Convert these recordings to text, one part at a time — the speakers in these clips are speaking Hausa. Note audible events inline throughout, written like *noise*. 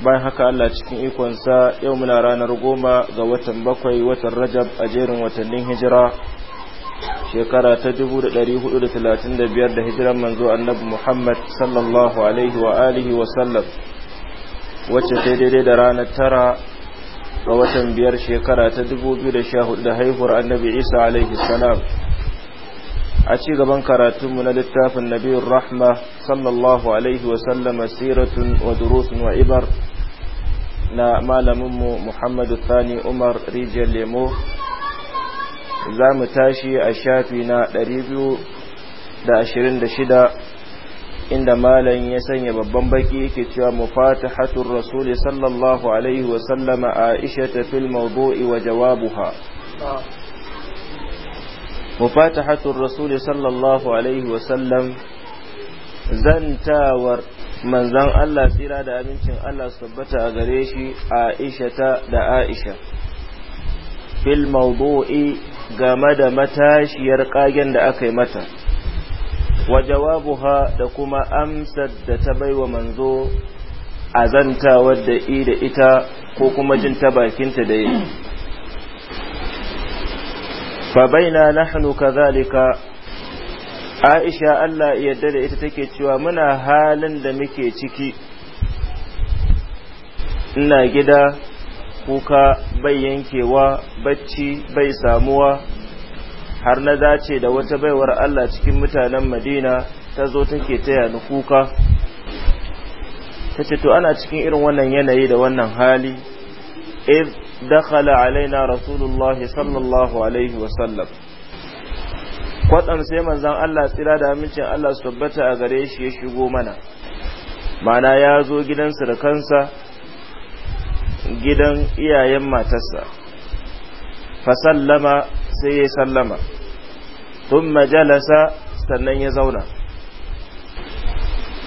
bayan haka Allah cikin ikonsa yau muna ranar goma ga watan bakwai watan rajab a jerin watannin hijira shekara ta 435 da hijiran manzo annabi Muhammad sallallahu alaihi wa alihi wa sallam wacce ta daidai da ranar tara ga watan biyar shekara ta 2014 da haihuwar annabi Isa alaihi salam a ci gaban karatunmu na littafin nabiyar rahma sallallahu alaihi wa sallam siratun wa durusun wa ibar na malaminmu Muhammadu Sani Umar Rijiyar Lemo za mu tashi a shafi na 226 inda malam ya sanya babban baki yake cewa mufatahatul rasuli sallallahu alaihi wa sallama Aisha ta mawdu'i wa jawabuha mufatahatul rasul sallallahu alaihi wa sallam zantawar manzan Allah tsira da abincin Allah su tabbata a gare shi Aisha ta da Aisha fil mawdu'i game da matashiyar kagen da aka yi mata wa jawabuha da kuma amsar da ta baiwa manzo azantawar da i da ita ko kuma jin ta bakinta da yi fa baina nahnu kadhalika aisha allah yadda da ita take cewa muna halin da muke ciki ina gida kuka bai yankewa bacci bai samuwa har na dace da wata baiwar allah cikin mutanen madina ta zo take taya ni kuka ta ce to ana cikin irin wannan yanayi da wannan hali idh dakhala alaina rasulullahi sallallahu alaihi wasallam kwatsam sai manzon Allah tsira da amincin Allah su tabbata a gare shi ya shigo mana mana ya zo gidansa da kansa gidan iyayen matarsa fasallama sai ya sallama tun majalasa sannan ya zauna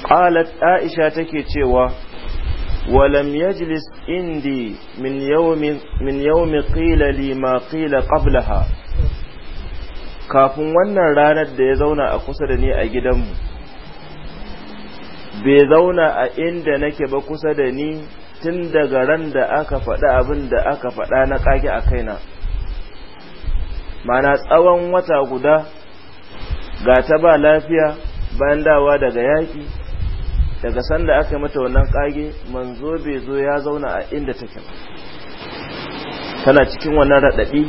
qalat aisha take cewa ولم يجلس عندي من يوم من يوم قيل لي ما قيل قبلها kafin wannan ranar da ya zauna a kusa da ni a gidanmu bai zauna a inda nake ba kusa da ni tun daga ran da aka faɗa abin da aka faɗa na ƙage a kaina mana tsawon wata guda ga ta ba lafiya bayan dawa daga yaƙi daga sanda aka mata wannan ƙage manzo bai zo ya zauna a inda take tana cikin wannan raɗaɗi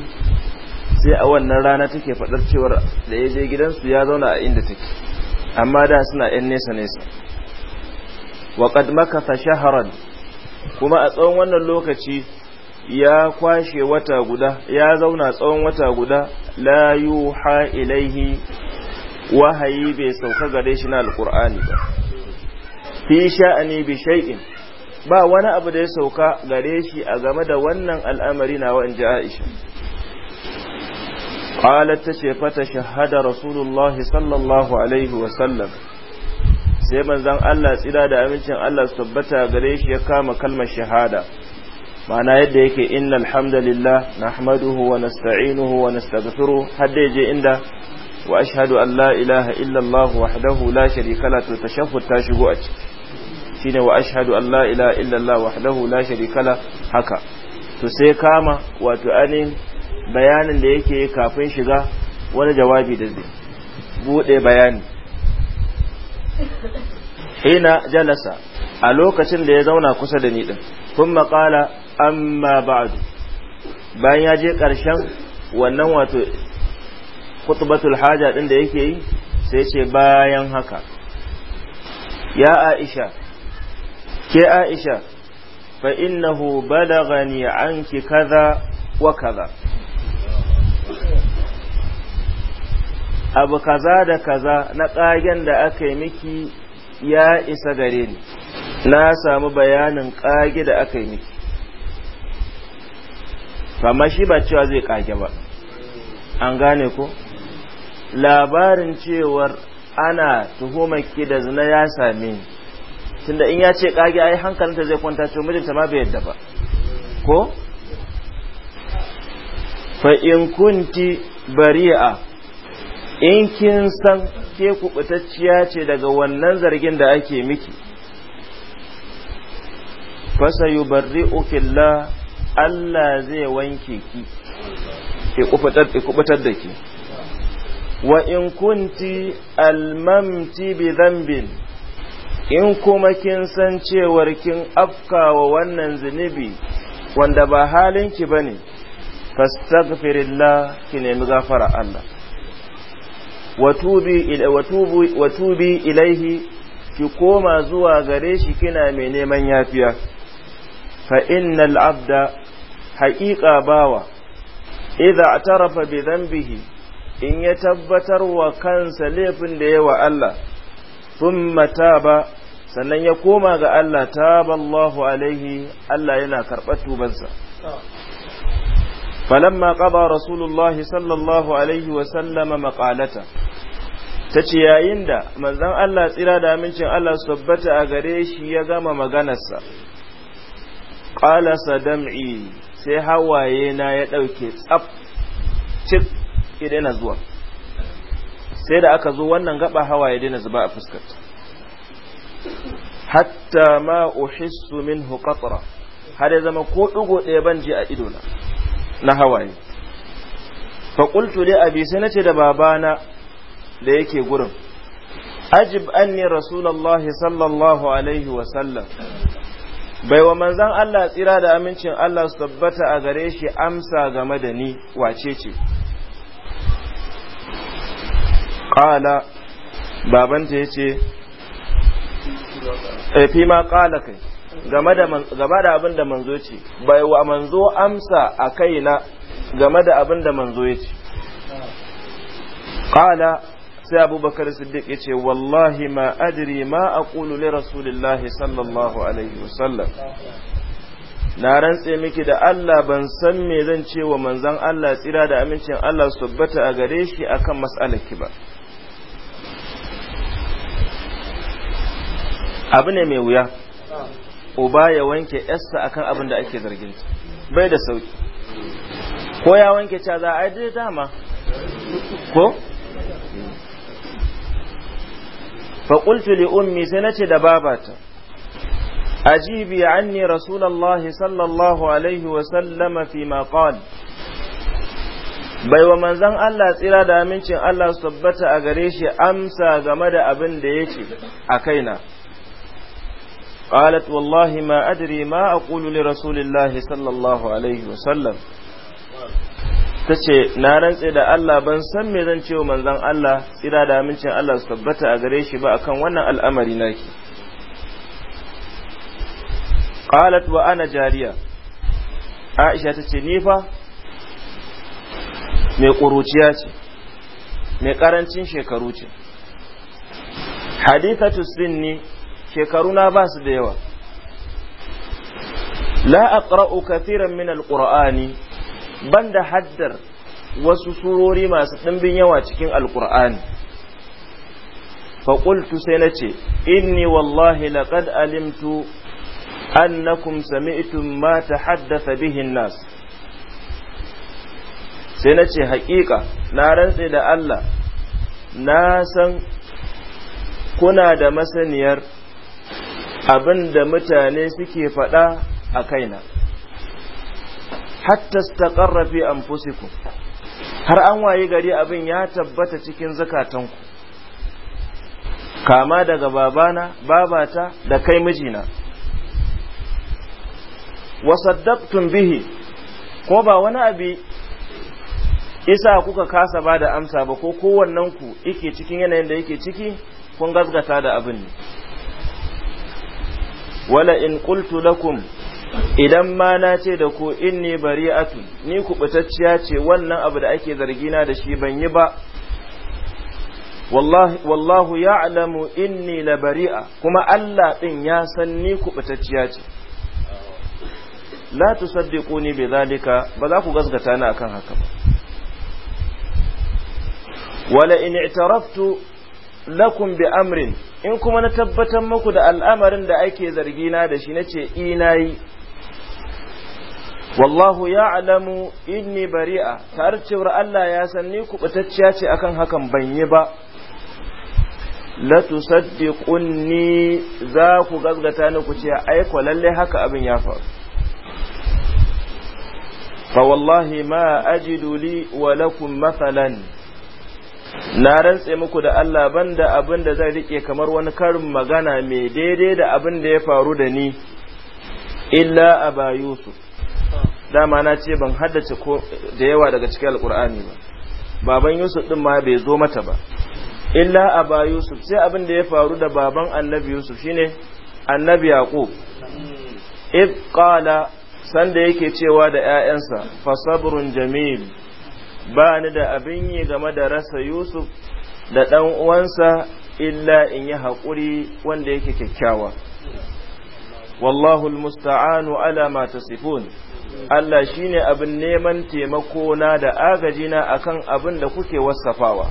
sai a wannan rana take faɗar cewar da ya je gidansu ya zauna a inda take amma da suna ‘yan nesa-nesa waƙad makasa shahran kuma a tsawon wannan lokaci ya kwashe wata guda ya zauna tsawon wata guda la yuha ilaihi wahayi bai sauka gare shi na alkur'ani ba fi sha'ani bi shay'in ba wani abu da ya sauka gare shi a game da wannan al'amari na wa'in ji Aisha qalat tace fata shahada rasulullahi sallallahu alaihi wa sallam sai manzon Allah tsira da amincin Allah tabbata gare shi ya kama kalmar shahada ma'ana yadda yake innal hamdalillah nahmaduhu wa nasta'inuhu wa nastaghfiruh hadda yaje inda wa ashhadu an la ilaha illa Allah wahdahu la sharika la to tashahhud ta shigo a ciki shine wa ashhadu an la ilaha illa Allah wahdahu la sharika la haka to sai kama wato anin bayanin da yake kafin shiga wani jawabi da zai buɗe bayani hina jalasa a lokacin da ya zauna kusa da ni din kun maƙala amma ba'adu. bayan ya je ƙarshen wannan wato kutubatul haja din da yake yi sai ce bayan haka ya aisha ke aisha fa innahu balagani anki kaza wa kaza abu kaza da kaza na ƙagen da aka miki ya isa gare ni na samu bayanin ƙage da aka yi miki amma shi ba cewa zai ƙage ba an gane ko labarin cewar ana tuhumarki da zina ya same ni tunda in ya ce ƙage ai hankalinta zai kwanta to mijinta ma bai yadda ba ko fa in kunti bari'a in kin san ke kubutacciya ce daga wannan zargin da ake miki fasa yi barri ukilla Allah zai wanke ki ke kubutar da ki wa in kunti almamti bi zambin in kuma kin san cewar kin afka wa wannan zunubi wanda ba halinki ba ne fastaghfirillah ki nemi gafara Allah watubi ilaihi ki koma zuwa gare shi kina mai neman yafiya fa innal abda haƙiƙa bawa idza atarafa bi dhanbihi in ya tabbatar wa kansa laifin da yawa Allah thumma taba sannan ya koma ga Allah taballahu alaihi Allah yana karɓar tubansa فلما قضى رسول الله صلى الله عليه وسلم مقالته تتي يا يندا manzon Allah tsira da amincin Allah su tabbata a gare shi ya gama maganarsa qala sadam'i sai hawaye na ya dauke tsaf cik ya sai da aka zo wannan gaba hawaye daina zuba a fuskar hatta ma uhissu minhu qatra har ya zama ko dugo ɗaya ban ji a idona na hawaye faƙultu dai abi sai na ce da babana da yake gurin ajib anni rasulallahi sallallahu alaihi wasallam bai wa manzan Allah tsira da amincin Allah su tabbata a gare shi amsa game da ni wace ce ƙala babanta ya ce eh, fi ma ƙala kai game da game abin da manzo ce bai wa manzo amsa a kaina game da abin da manzo ya ce qala sai abubakar siddiq ya ce wallahi ma adri ma aqulu li rasulillahi sallallahu alaihi wasallam na rantse miki da Allah ban san me zan ce wa manzon Allah tsira da amincin Allah su tabbata a gare shi akan mas'alarki ba abu ne mai wuya uba ya wanke yarsa akan abin da ake zargin ta bai da sauki ko ya wanke ta za a yi dama ko ummi sanati da babata ajibi anni رسول sallallahu alaihi wa sallama fi ma qad bai wa manzan Allah tsira da amincin Allah su tabbata a gare shi amsa game da abin da ya ce a kaina قالت والله ما ma ما أقول لرسول الله صلى الله عليه وسلم tace na rantse da Allah ban san me zan ce cewa manzon Allah tsira da amincin Allah su tabbata a gare shi ba akan wannan al'amari naki qalat wa ana jariya Aisha tace ni fa mai ƙuruciya ce mai ƙarancin shekaru ce hadithatu sinni shekaruna ba su da yawa la aqra'u kathiran min alqur'ani banda haddar wasu surori masu ɗimbin yawa cikin alqur'ani fa qultu sai nace inni wallahi laqad alimtu annakum sami'tum ma tahaddatha bihi an-nas sai nace haƙiƙa na rantse da Allah na san kuna da masaniyar abin da mutane suke faɗa a kaina hatta ta fi anfusikum har an waye gari abin ya tabbata cikin zakatanku kama daga babana babata da kai mijina wasaddaqtum bihi ko ba wani abi isa kuka kasa ba da amsa ba ko kowannanku ku yake cikin yanayin da yake ciki kun gaskata da abin ne wala in qultu lakum idan ma na ce da ku inni bari'atu ni batacciya ce wannan abu da ake zargi na da shi ban yi ba wallahu ya'lamu inni la bari'a kuma Allah din ya san ni ku batacciya ce la tusaddiquni bi zalika ba za ku gasgata ni akan haka ba wala in i'taraftu lakum bi amrin in kuma na tabbatar muku da al'amarin da ake zargina da shi nace ina yi wallahu ya'lamu inni bari'a tare cewar Allah ya san ni kubutacciya ce akan hakan ban yi ba la tusaddiqunni za ku gazgata ni ku ce ai ko lalle haka abin ya faru fa wallahi ma ajidu li wa lakum mathalan na rantse muku da Allah banda abin da zai rike kamar wani karin magana mai daidai da abin da ya faru da ni illa aba yusuf dama na ce ban haddace ko da yawa daga cikin alkur'ani ba baban yusuf din ma bai zo mata ba illa aba yusuf sai abin da ya faru da baban annabi yusuf shine annabi yaqub id qala sanda yake cewa da ƴaƴansa fa fasabrun jamil ba ni da abin yi game da rasa yusuf da ɗan uwansa illa in yi haƙuri wanda yake kyakkyawa wallahu musta'anu ala ma tasifun Allah ne abin neman taimako na da agajina akan abin da kuke wasafawa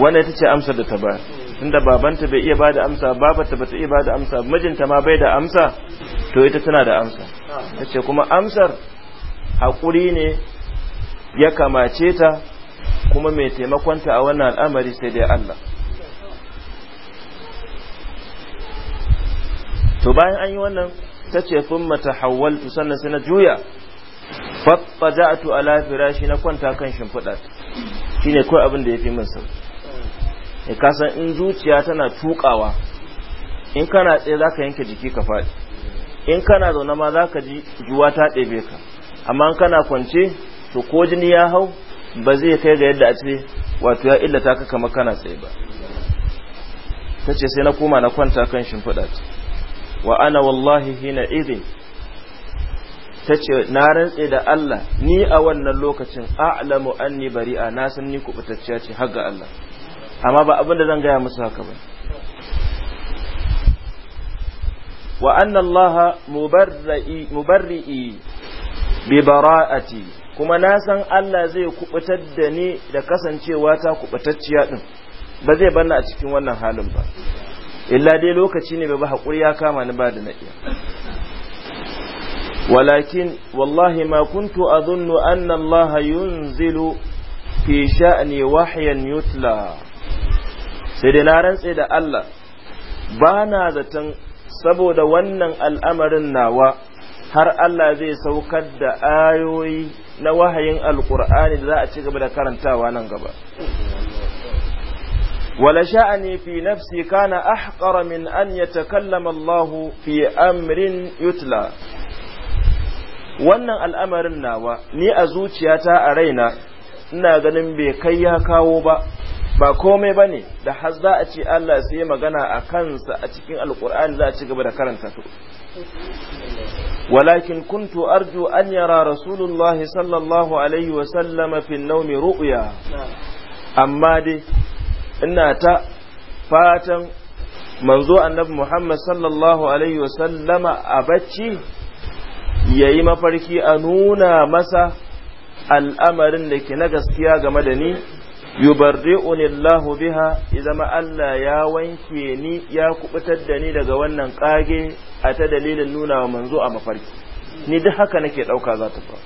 wanda ita ce amsar da ta ba tunda babanta bai iya ba da amsa babata ta iya ba da amsa mijinta ma bai da amsa to ita tana da amsa ce kuma amsar haƙuri ne ya kamace ta kuma mai taimakonta a wannan al'amari sai dai Allah to bayan an yi wannan ta ce sun mata hawal sannan sai na juya a tu'a ala firashi na kwanta kan shimfiɗa shine kawai abin da ya fi min sau. ya e, kasan in zuciya tana tukawa in kana tsaye za yanke jiki ka faɗi in kana zaune ma zaka ji juwa ta ɗebe ka amma kana kwance to ko jini ya hau ba zai kai ga yadda a ce wato ya illata ka kama kana tsaye ba ta ce sai na koma na kwanta kan shimfiɗa ce wa ana wallahi hina idin ta ce na rantse da Allah ni a wannan lokacin a'lamu anni bari'a na san ni kubutacciya ce har ga Allah amma ba abin da zan gaya musu haka ba wa anna Allah mubarri'i bi bara'ati kuma na san Allah zai kubutar da ni da kasancewa ta kubutacciya din ba zai banna a cikin wannan halin ba illa dai lokaci ne ba hakuri ya kama ni ba da na walakin wallahi ma kuntu adhunnu anna Allah yunzilu fi sha'ni wahyan yutla sai dai na rantse da Allah ba na zaton saboda wannan al'amarin nawa har Allah zai saukar da ayoyi na wahayin alkur'ani da za a ci gaba da karantawa nan gaba wala sha'ani fi nafsi kana ahqara min an yatakallama Allah fi amrin yutla wannan al'amarin nawa ni a zuciyata a raina ina ganin bai kai ya kawo ba ba komai bane da har za a ce Allah sai magana a kansa a cikin alkur'ani za a ci gaba da karanta to ولكن كنت أرجو أن يرى رسول الله صلى الله عليه وسلم في النوم رؤيا أما دي إن manzo annabi Muhammad sallallahu alaihi wasallama a bacci yayi mafarki a nuna masa al'amarin da na gaskiya game da ni yubarri'unillahu Allahu biha izama Allah ya wanke ni ya kubutar da ni daga wannan kage a ta dalilin nuna wa manzo a mafarki ni duk haka nake dauka za ta fa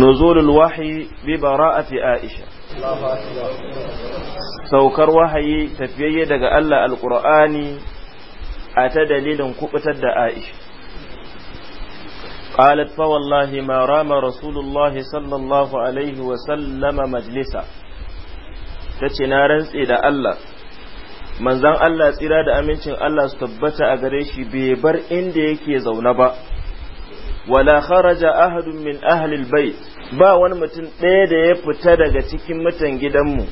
nuzulul wahyi bi bara'ati Aisha saukar wahayi tafiyayye daga Allah alqur'ani a ta dalilin kubutar da Aisha قالت فوالله ما رام رسول الله صلى الله عليه وسلم مجلسا tace na rantse da Allah manzon Allah tsira da amincin Allah su tabbata a gare shi bai bar inda yake zaune ba wala kharaja ahadun min ahli albayt ba wani mutum ɗaya da ya fita daga cikin mutan gidanmu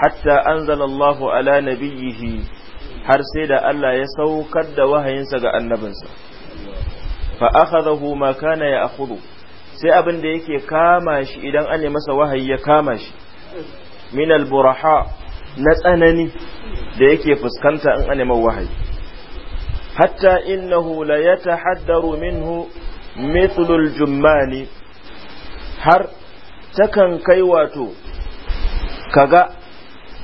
hatta anzala Allahu ala nabiyhi har sai da Allah ya saukar da wahayinsa ga annabinsa fa akhadahu ma kana ya'khudhu sai abin da yake kama shi idan an masa wahayi ya kama shi min al-buraha na tsanani da yake fuskanta in an wahayi hatta innahu la yatahaddaru minhu mithlu al-jummani har takan kai wato kaga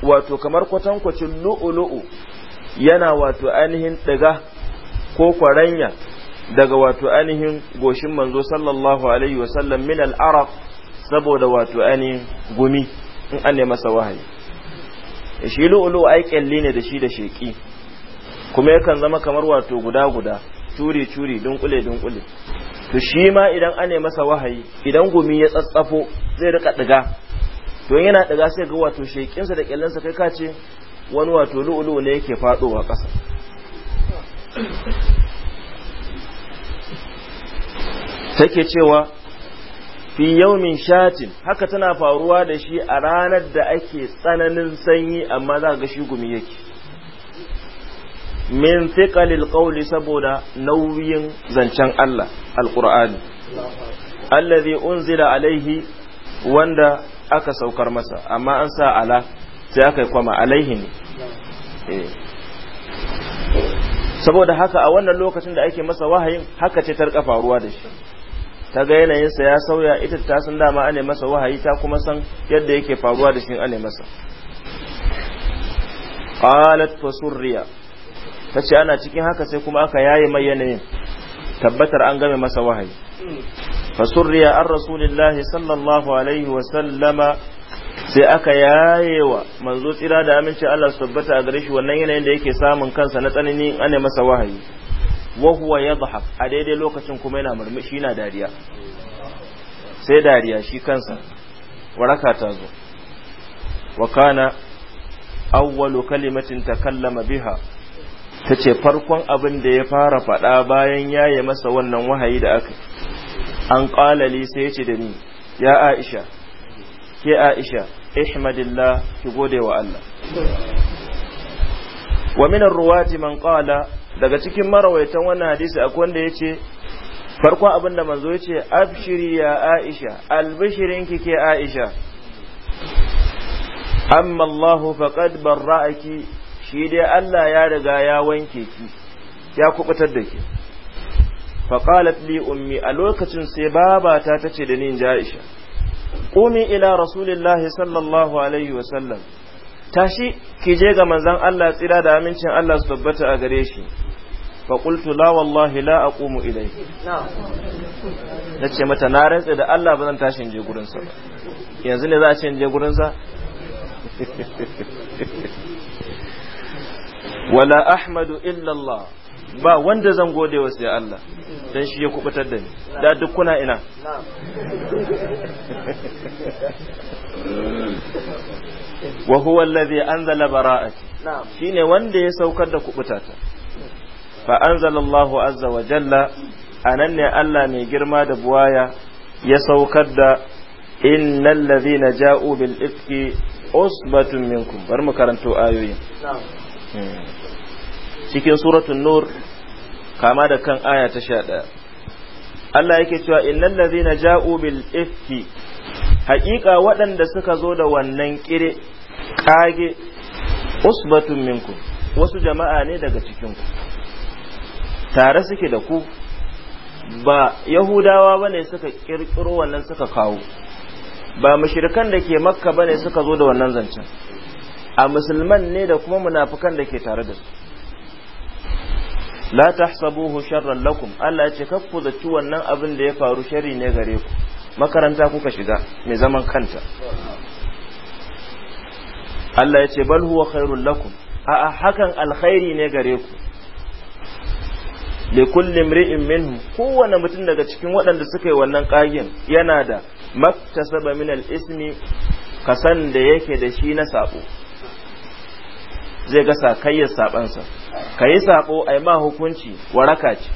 wato kamar kwatankwacin lu'ulu'u yana wato ainihin ɗiga ko kwaranya daga wato ainihin goshin manzo sallallahu alaihi wasallam min al al'araq saboda wato ainihin gumi in an masa wahayi e, shi lu'ulu ai kyalle ne da shi da sheki kuma yakan zama kamar wato guda guda curi curi dunkule dunkule to shi ma idan an masa wahayi idan gumi ya tsatsafo zai rika diga to yana diga sai ga wato shekinsa da sa kai kace wani wato lu'ulu ne yake fadowa ƙasa take cewa fi yaumin shatin haka tana faruwa da shi a ranar da ake tsananin sanyi amma za ga shi gumi yake min thiqalil qawli saboda nauyin zancen Allah alqur'ani allazi unzila alaihi wanda aka saukar masa amma an sa ala sai aka yi kwama alaihi ne eh. saboda haka a wannan lokacin da ake masa wahayin haka ce tarka faruwa da shi ta ga yanayinsa ya sauya ita ta san dama ane masa wahayi ta kuma san yadda yake faruwa da shi ane masa qalat fasurriya tace ana cikin haka sai kuma aka yaye mai yanayin tabbatar an game masa wahayi fasurriya an rasulillahi sallallahu alaihi wa sallama sai aka yaye wa manzo tsira da aminci Allah su tabbata a gare shi wannan yanayin da yake samun kansa na tsanani ane masa wahayi wa huwa yadhhab a daidai lokacin kuma yana murmushi yana dariya sai dariya shi kansa waraka ta zo wa kana awwalu kalimatin takallama biha ce farkon abin da ya fara fada bayan ya yi masa wannan wahayi da aka an qala li sai ce da ni ya Aisha ke Aisha ihmadillah ki gode wa Allah wa min ar-ruwati man qala daga cikin marawaitan wannan hadisi akwai wanda ya ce farkon abin manzo yace, ce abshiri ya aisha albishirinki ke aisha amma Allah faqad barra'aki shi dai Allah ya riga ya wanke ki ya kubutar da ki faqalat li ummi a lokacin sai babata tace da ni aisha qumi ila rasulillahi sallallahu alaihi wasallam tashi ki je ga manzon Allah tsira da amincin Allah su tabbata a gare shi fa qultu la wallahi la aqumu ilayhi nace mata na rantsa da Allah ba zan tashi je gurin sa yanzu ne za a ce in je gurin sa *laughs* wala ahmadu illa Allah ba wanda zan gode wa sai Allah dan shi ya kubutar da ni da duk kuna ina *laughs* wa huwa allazi anzala bara'ati shine wanda ya saukar da kubutata fa anzalallahu azza wa jalla anan ne Allah mai girma da buwaya ya saukar da innal ladhina ja'u bil ifki usbatun minkum bar mu karanto ayoyi. Hmm. cikin suratul nur kama da kan aya ta 11 Allah yake cewa innal ladhina ja'u bil ifki haƙiƙa waɗanda suka zo da wannan ƙire ƙage usbatun minku wasu jama'a ne daga cikinku tare suke da ku ba yahudawa ba ne suka ƙirƙiro wannan suka kawo ba mashirkan da ke makka ba ne suka zo da wannan zancen a musulman ne da kuma munafukan da ke tare da su la tahsabuhu sharran lakum Allah ya ce kakku zaci wannan abin da ya faru shari ne gare ku makaranta kuka shiga mai zaman kanta Allah ya ce bal huwa khairul lakum a hakan alkhairi ne gare ku li kulli imri'in minhu kowane mutum daga cikin waɗanda suka yi wannan ƙagen yana da maktasaba min al-ismi kasan da yake da shi na sabo zai ga sakayyar sabansa kayi sabo ai ma hukunci waraka ce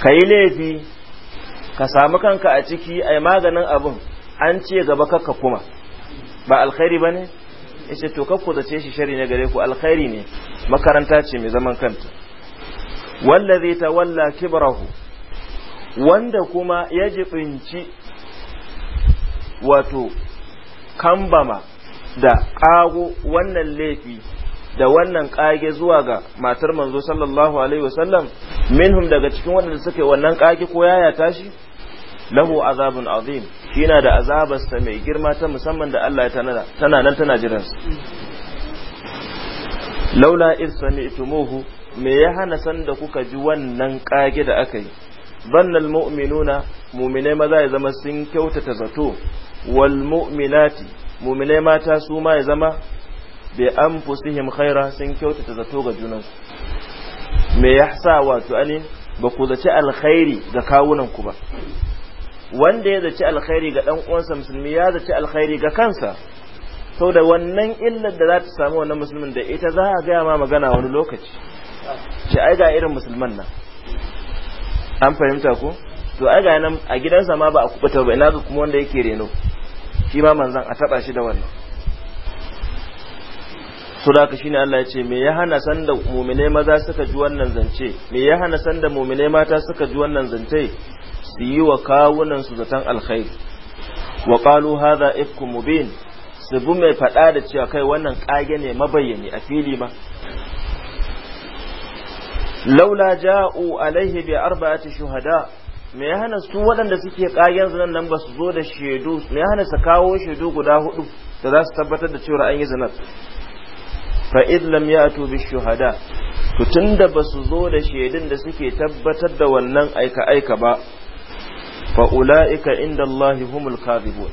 kayi laifi ka samu kanka a ciki a maganin abin an ce gaba kakka kuma ba alkhairi ba ne ya ce to da zace shi shari ne gare ku alkhairi ne makaranta ce mai zaman kanta ta walla kibrahu wanda kuma ya jibinci wato kambama da ƙago wannan laifi da wannan ƙage zuwa ga matar manzo sallallahu alaihi wasallam minhum daga cikin waɗanda suka yi wannan ƙage ko yaya tashi lahu azabun azim shi yana da azabarsa mai girma ta musamman da Allah ya tanada tana nan tana jiran su laula iz sami'tumuhu me ya hana san da kuka ji wannan kage da aka yi bannal mu'minuna mu'minai maza ya zama sun kyautata zato wal mu'minati mu'minai mata su ma ya zama bi anfusihim khaira sun kyautata zato ga junansu me ya sa wato ani ba ku zaci alkhairi ga kawunanku ba wanda ya zaci alkhairi ga dan uwansa musulmi ya zaci alkhairi ga kansa to da wannan illar da za ta samu wannan musulmin da ita za a gaya ma magana wani lokaci ce ai ga irin musulman nan an fahimta ko to ai ga nan a gidansa ma ba a kubuta ba ina ga kuma wanda yake reno shi ma manzan a taba shi da wannan so da shine Allah ya ce me ya hana sanda mu'mine maza suka ji wannan zance me ya hana sanda mu'mine mata suka ji wannan zance su yi wa kawunan su zaton alkhairi wa qalu haza ifku mubin su bi mai faɗa da cewa kai wannan ƙage ne mabayyani a fili ma laula ja'u alaihi bi arba'ati shuhada me ya hana su waɗanda suke ƙagen zinan nan ba su zo da shaidu me ya hana su kawo shaidu guda hudu da za su tabbatar da cewa an yi zinar fa id lam ya'tu bi shuhada to tunda ba su zo da shaidun da suke tabbatar da wannan aika aika ba fa ula'ika inda Allah humul kadhibun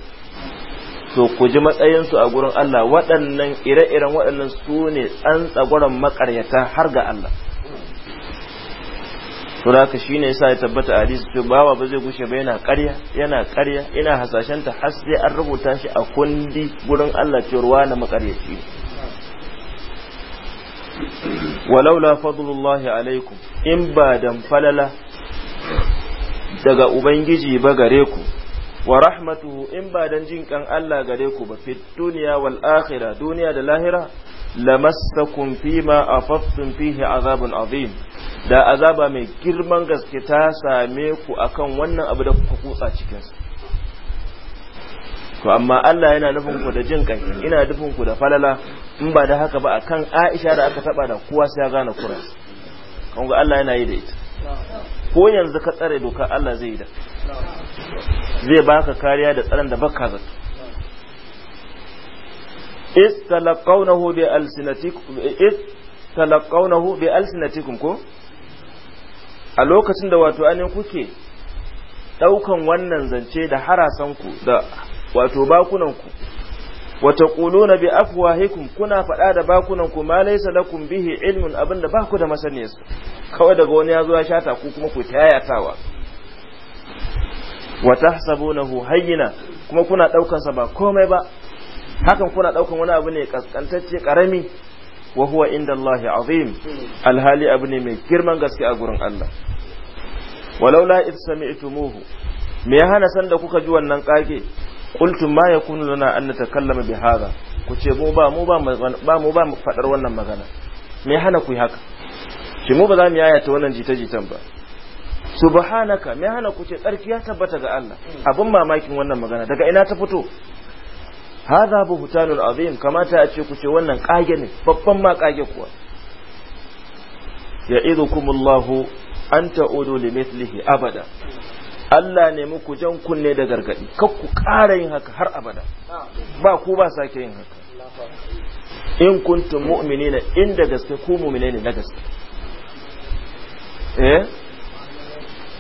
to ku ji matsayinsu a gurin Allah waɗannan ire-iren waɗannan su ne tsantsagoran makaryata har ga Allah to haka shine yasa ya tabbata a hadisi to bawa ba zai gushe ba yana ƙarya yana ƙarya ina hasashen ta har sai an rubuta shi a kundi gurin Allah cewa na makaryaci walaula fadlullahi alaikum in ba dan falala daga ubangiji ba gare ku wa rahmatu in ba dan jin kan Allah gare ku ba fit duniya wal akhirah duniya da lahira lamassakum fima afattum fihi azabun azim da azaba mai girman gaske ta same ku akan wannan abu da kuka kutsa cikin sa to amma Allah yana nufin ku da jin kan ina nufin ku da falala in ba da haka ba akan Aisha da aka taba da kowa sai ya gane kuras kun ga Allah yana yi da ita ko yanzu ka tsare doka Allah zai yi da zai baka kariya da tsaron da baka zato is talaqawnahu bi alsinatikum bi alsinatikum ko a lokacin da wato anin kuke daukan wannan zance da harasanku da wato bakunanku wa taquluna bi afwahikum kuna faɗa da bakunan ku ma laysa lakum bihi ilmun abinda ba ku da masaniyar kawai daga wani ya zo ya shata ku kuma ku Wata wa tahsabunahu hayyina kuma kuna ɗaukansa ba komai ba hakan kuna ɗaukan wani abu ne kaskantacce karami wa huwa inda Allah azim alhali abu ne mai girman gaske a gurin Allah walaula id sami'tumuhu me ya hana sanda kuka ji wannan kage qultum ma yakunu lana an natakallama bi hadha ku ce mu ba mu ba ba mu ba mu fadar wannan magana me hana ku haka ce mu ba za mu yayata wannan jita-jitan ba subhanaka me hana ku ce tsarki ya tabbata ga Allah abun mamakin wannan magana daga ina ta fito hadha hutanul azim kamata a ce ku ce wannan kage ne babban ma kage kuwa ya'idukumullahu an ta'udu limithlihi abada Allah ne muku jan kunne da gargadi kar ku ƙara yin haka har abada ba ku ba sake yin haka in kuntum mu'minina inda gaske ku mu'mine ne na gaske eh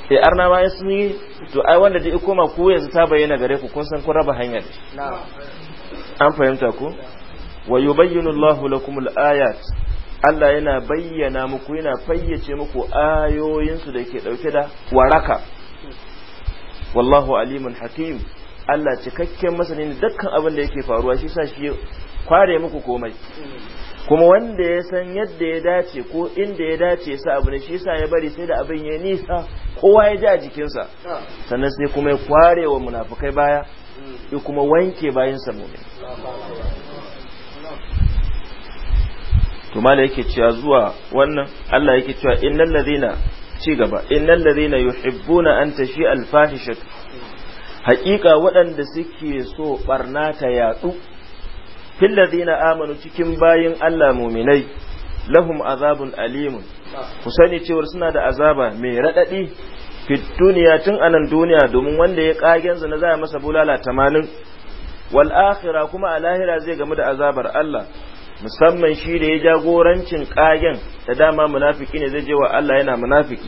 eh arna ma sun yi to ai wanda da koma ku yanzu ta bayyana gare ku kun san ku raba hanya ne an fahimta ku wa yubayyinu Allahu lakum al-ayat Allah yana bayyana muku yana fayyace muku ayoyinsu da ke dauke da waraka wallahu alimun hakim Allah cikakken masani ne dukkan abin da yake faruwa shi sa shi kware muku komai kuma wanda ya san yadda ya dace ko inda ya dace sa abu ne shi sa ya bari sai da abin ya nisa kowa ya ji a jikinsa sannan sai kuma ya kware wa munafukai baya ya kuma wanke bayan samuni to yake cewa zuwa wannan Allah yake cewa innal ladina ci gaba innal ladhina yuhibbuna an tashi al haqiqa waɗanda suke so barna ta yadu fil na amanu cikin bayin Allah mu'minai lahum azabun alimun ku sani cewar suna da azaba mai radadi fit duniya tun anan duniya domin wanda ya kagen zina za a masa bulala 80 wal akhirah kuma a lahira zai gamu da azabar Allah musamman shi da ya jagorancin kagen da dama munafiki ne zai je wa Allah yana munafiki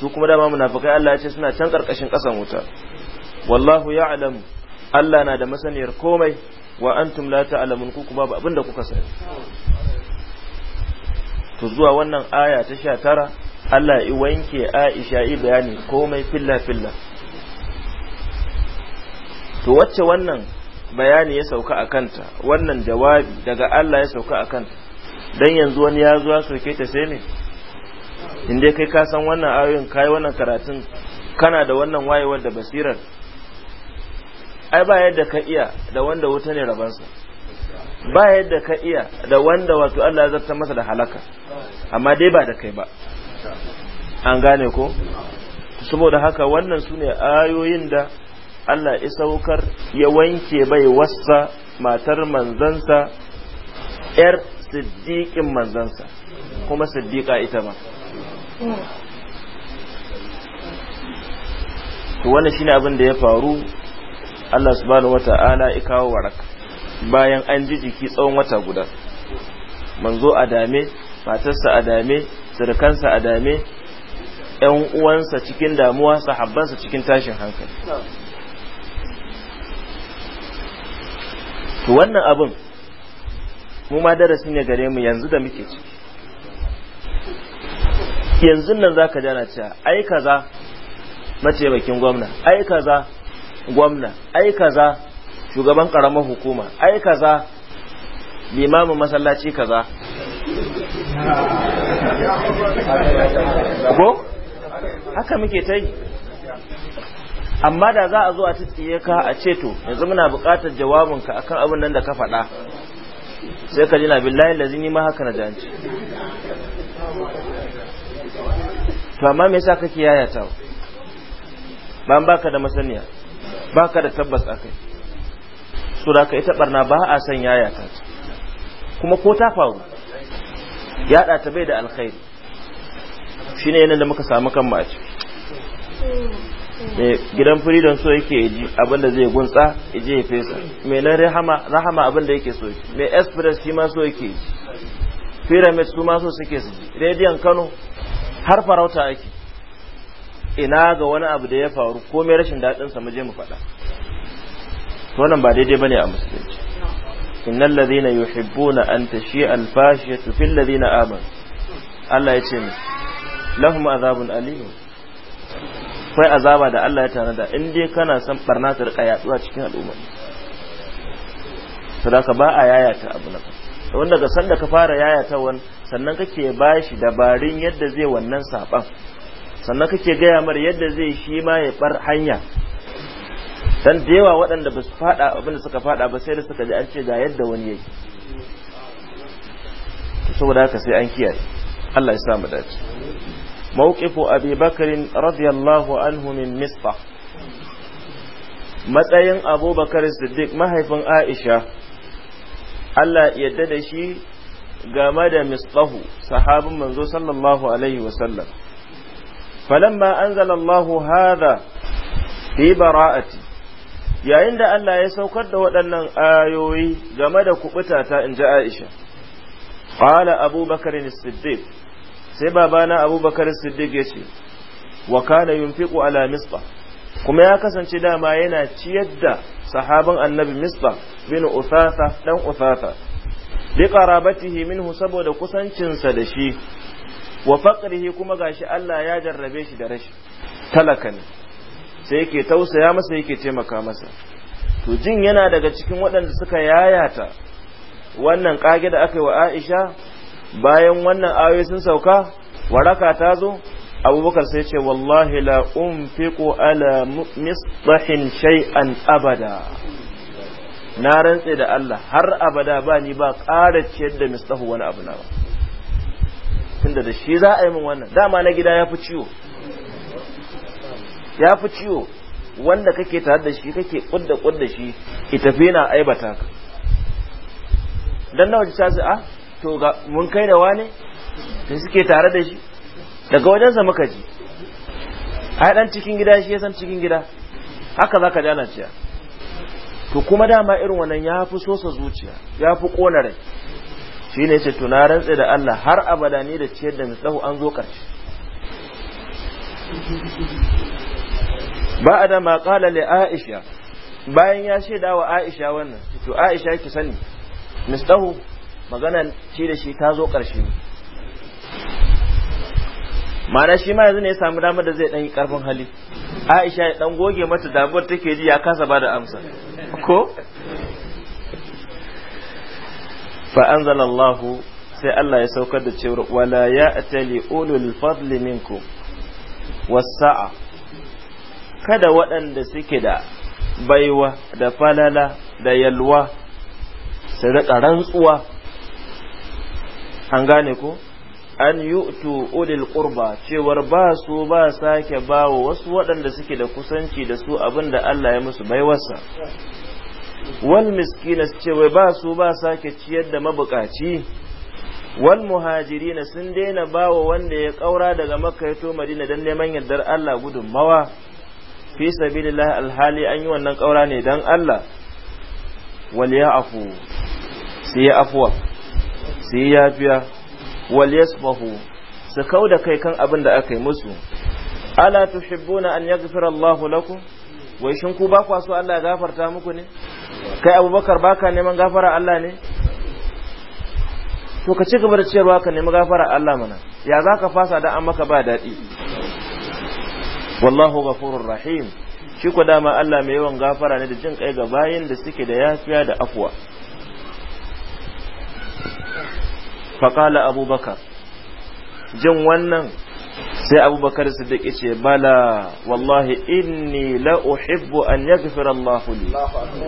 su kuma dama munafikai Allah ya ce suna can karkashin kasan wuta wallahu ya'lamu Allah na da masaniyar komai wa antum la ta'lamun ku kuma abin da kuka sani to zuwa wannan aya ta 19 Allah ya wanke Aisha yi bayani komai filla filla to wacce wannan bayani ya sauka a kanta wannan jawabi daga Allah ya sauka a kanta don yanzu wani ya zuwa sauke ta sai ne inda kai ka san wannan ayoyin yi wannan karatun kana da wannan wayewar da basirar ai ba yadda ka iya da wanda wuta ne rabansa ba yadda ka iya da wanda wato Allah ya zartar masa da halaka amma dai ba da kai ba an gane ko saboda haka wannan su ne ayoyin da Allah isaukar ya wanke bai wasa matar manzansa ‘yar siddiƙin manzansa kuma siddiƙa ita ma. Wani shi ne abin da ya faru Allah subhanahu wata'ala ya kawo waraka bayan an ji jiki tsawon wata guda. Manzo a dame, matarsa a dame, sirkansa a dame, ‘yan uwansa cikin damuwa, sahabbansa cikin tashin hankali. to wannan abin mu ma darasi ne gare mu yanzu da muke ciki yanzu nan zaka jana cewa ai kaza mace bakin gwamna ai kaza gwamna ai kaza shugaban karamar hukuma ai kaza limamin masallaci kaza haka muke ta yi amma da za a zo a tittiye ka a ce to yanzu muna buƙatar jawabinka akan abin nan da ka faɗa sai ka jina billahi lazini ma haka na janci to amma me yasa kake yayata ban baka da masaniya baka da tabbas akai so da ka ita barna ba a san yayata kuma ko ta faru yada ta bai da alkhairi shine yana da muka samu kan a Eh, gidan freedom so yake ji abinda zai gunsa je ya fesa mai na rahama abinda yake so mai express shi ma so yake pyramid su ma so suke su ji rediyon kano har farauta ake ina ga wani abu da ya faru ko mai rashin daɗin sa mu je mu faɗa to ba daidai bane a musulunci inna ladhina yuhibbuna an tashi'a al fashiyatu fil ladina amanu Allah ya ce mu lahum azabun alim akwai azaba da Allah ya tanada in dai kana san barna ta rika yatsuwa cikin al'umma sadaka ba a yayata abu na wanda ga sanda ka fara yayata wani sannan kake shi dabarun yadda zai wannan saban sannan kake gaya mar yadda zai shi ma ya bar hanya dan da yawa waɗanda ba su fada abin da suka fada ba sai da suka ji an ce ga yadda wani yake saboda haka sai an kiyaye Allah ya sa mu dace موقف أبي بكر رضي الله عنه من matsayin abubakar siddiq mahaifin aisha Allah yadda da shi game da misbahu sahabin manzo sallallahu alaihi wasallam falamma anzala Allahu hadha fi bara'ati yayin da Allah ya saukar da waɗannan ayoyi game da kubutata inji Aisha qala abubakar siddiq sai babana abubakar siddiq ya ce wa kana yunfiqu ala misba kuma ya kasance dama yana ciyar da sahaban annabi misba bin usasa dan usasa bi qarabatihi minhu saboda kusancinsa da shi wa faqrihi kuma gashi Allah ya jarrabe shi da rashi talaka ne sai yake tausaya masa yake taimaka masa to jin yana daga cikin waɗanda suka yayata wannan kage da aka yi wa Aisha bayan wannan ayoyi sun sauka waraka ta zo abubakar sai ce wallahi la unfiqu ala mustahin shay'an abada na rantse da Allah har abada ba ni ba ƙara ciyar da mustahu wani abu na ba tunda da shi za a yi min wannan dama na gida ya fi ciwo ya fi ciwo wanda kake tare da shi kake kudda kudda shi itafi na aibata ka dan nawa ji ta a to ga mun kai da wane da suke tare da shi daga wajensa muka ji ai dan cikin gida shi ya san cikin gida haka za ka dana ciya to kuma dama irin wannan ya fi sosa zuciya ya fi ƙona rai shi ne ce tuna rantse da Allah har abada ne da ciyar da mislahu an zo ƙarshe ba a da maƙala le aisha bayan ya shaida wa aisha wannan to aisha ki sani mislahu maganar shi da shi ta zo ƙarshe ma'ana shi ma yanzu ne ya samu damar da zai ɗan yi ƙarfin hali aisha ya ɗan goge mata damuwar take ji ya kasa ba da amsa ko fa anzalallahu sai Allah ya saukar da cewar wala ya atali ulul fadli minkum wasa'a kada waɗanda suke da baiwa da falala da yalwa su rika rantsuwa an gane ko an yu'tu ulil qurba cewar ba su ba sake bawo wasu waɗanda suke da kusanci da su abinda Allah ya musu baiwarsa wal miskina cewa ba su ba sake ciyar da mabukaci wal muhajirina sun daina bawo wanda ya kaura daga makka ya to madina dan neman yardar Allah mawa fi sabilillah alhali an yi wannan kaura ne dan Allah wal ya'fu sai afwa su yi yafiya wal yasfahu su kau da kai kan abin da aka yi musu ala tuhibbuna an yaghfira Allahu lakum wai shin ku ba kwa so Allah ya gafarta muku ne kai Abubakar baka neman gafara Allah ne to ka ci gaba da ciyarwa ka nemi gafara Allah mana ya zaka fasa da an maka ba daɗi? wallahu ghafurur rahim shi ko dama Allah mai yawan gafara ne da jin kai ga bayin da suke da yafiya da afwa faƙala abubakar jin wannan sai abubakar siddiq ce bala wallahi inni la uhibbu an yaghfira Allah li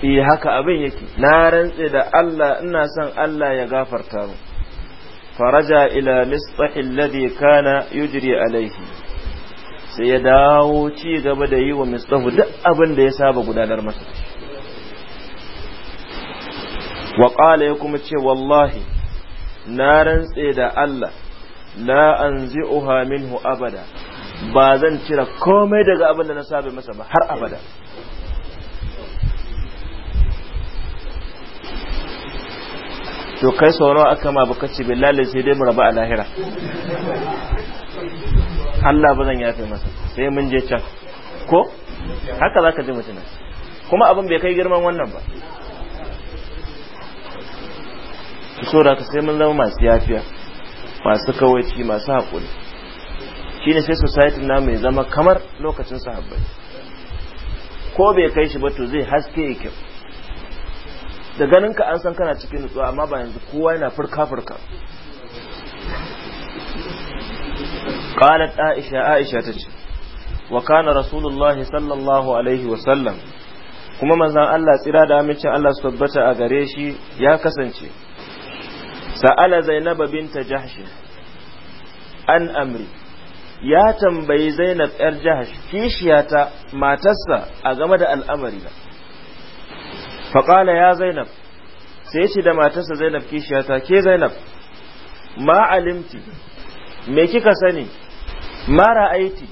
fi eh, haka abin yake na rantse da Allah ina son Allah ya gafarta mu faraja ila alladhi kana yujri alayhi sai ya dawo ci gaba da yi wa mistahu duk abin da ya saba gudanar masa wa qala ya kuma ce wallahi na rantse da Allah la anzi'uha minhu abada ba zan cire komai daga abin da na sabe masa ba har abada to kai sauro aka ma baka ce billahi sai dai mu raba a lahira Allah ba zan yafe masa sai mun je can ko haka zaka ji mutumin kuma abin bai kai girman wannan ba so da sai mun zama masu yafiya masu kawaici masu haƙuri ne sai society na mai zama kamar lokacin sahabbai ko bai kai shi ba to zai haske ya kyau da ganin ka an san kana cikin nutsuwa amma ba yanzu kowa yana furka furka qalat aisha aisha تجي وكان رسول الله sallallahu alaihi wa sallam kuma من Allah tsira da amincin Allah su tabbata a gare shi ya kasance sa'ala zainaba binta Jahashi an amri ya tambayi zainab yar jahsh kishiyata matarsa a game da al'amari na faƙala ya zainab sai ce da matarsa zainab kishiyata ke zainab ma alimti me kika sani Mara ra'aiti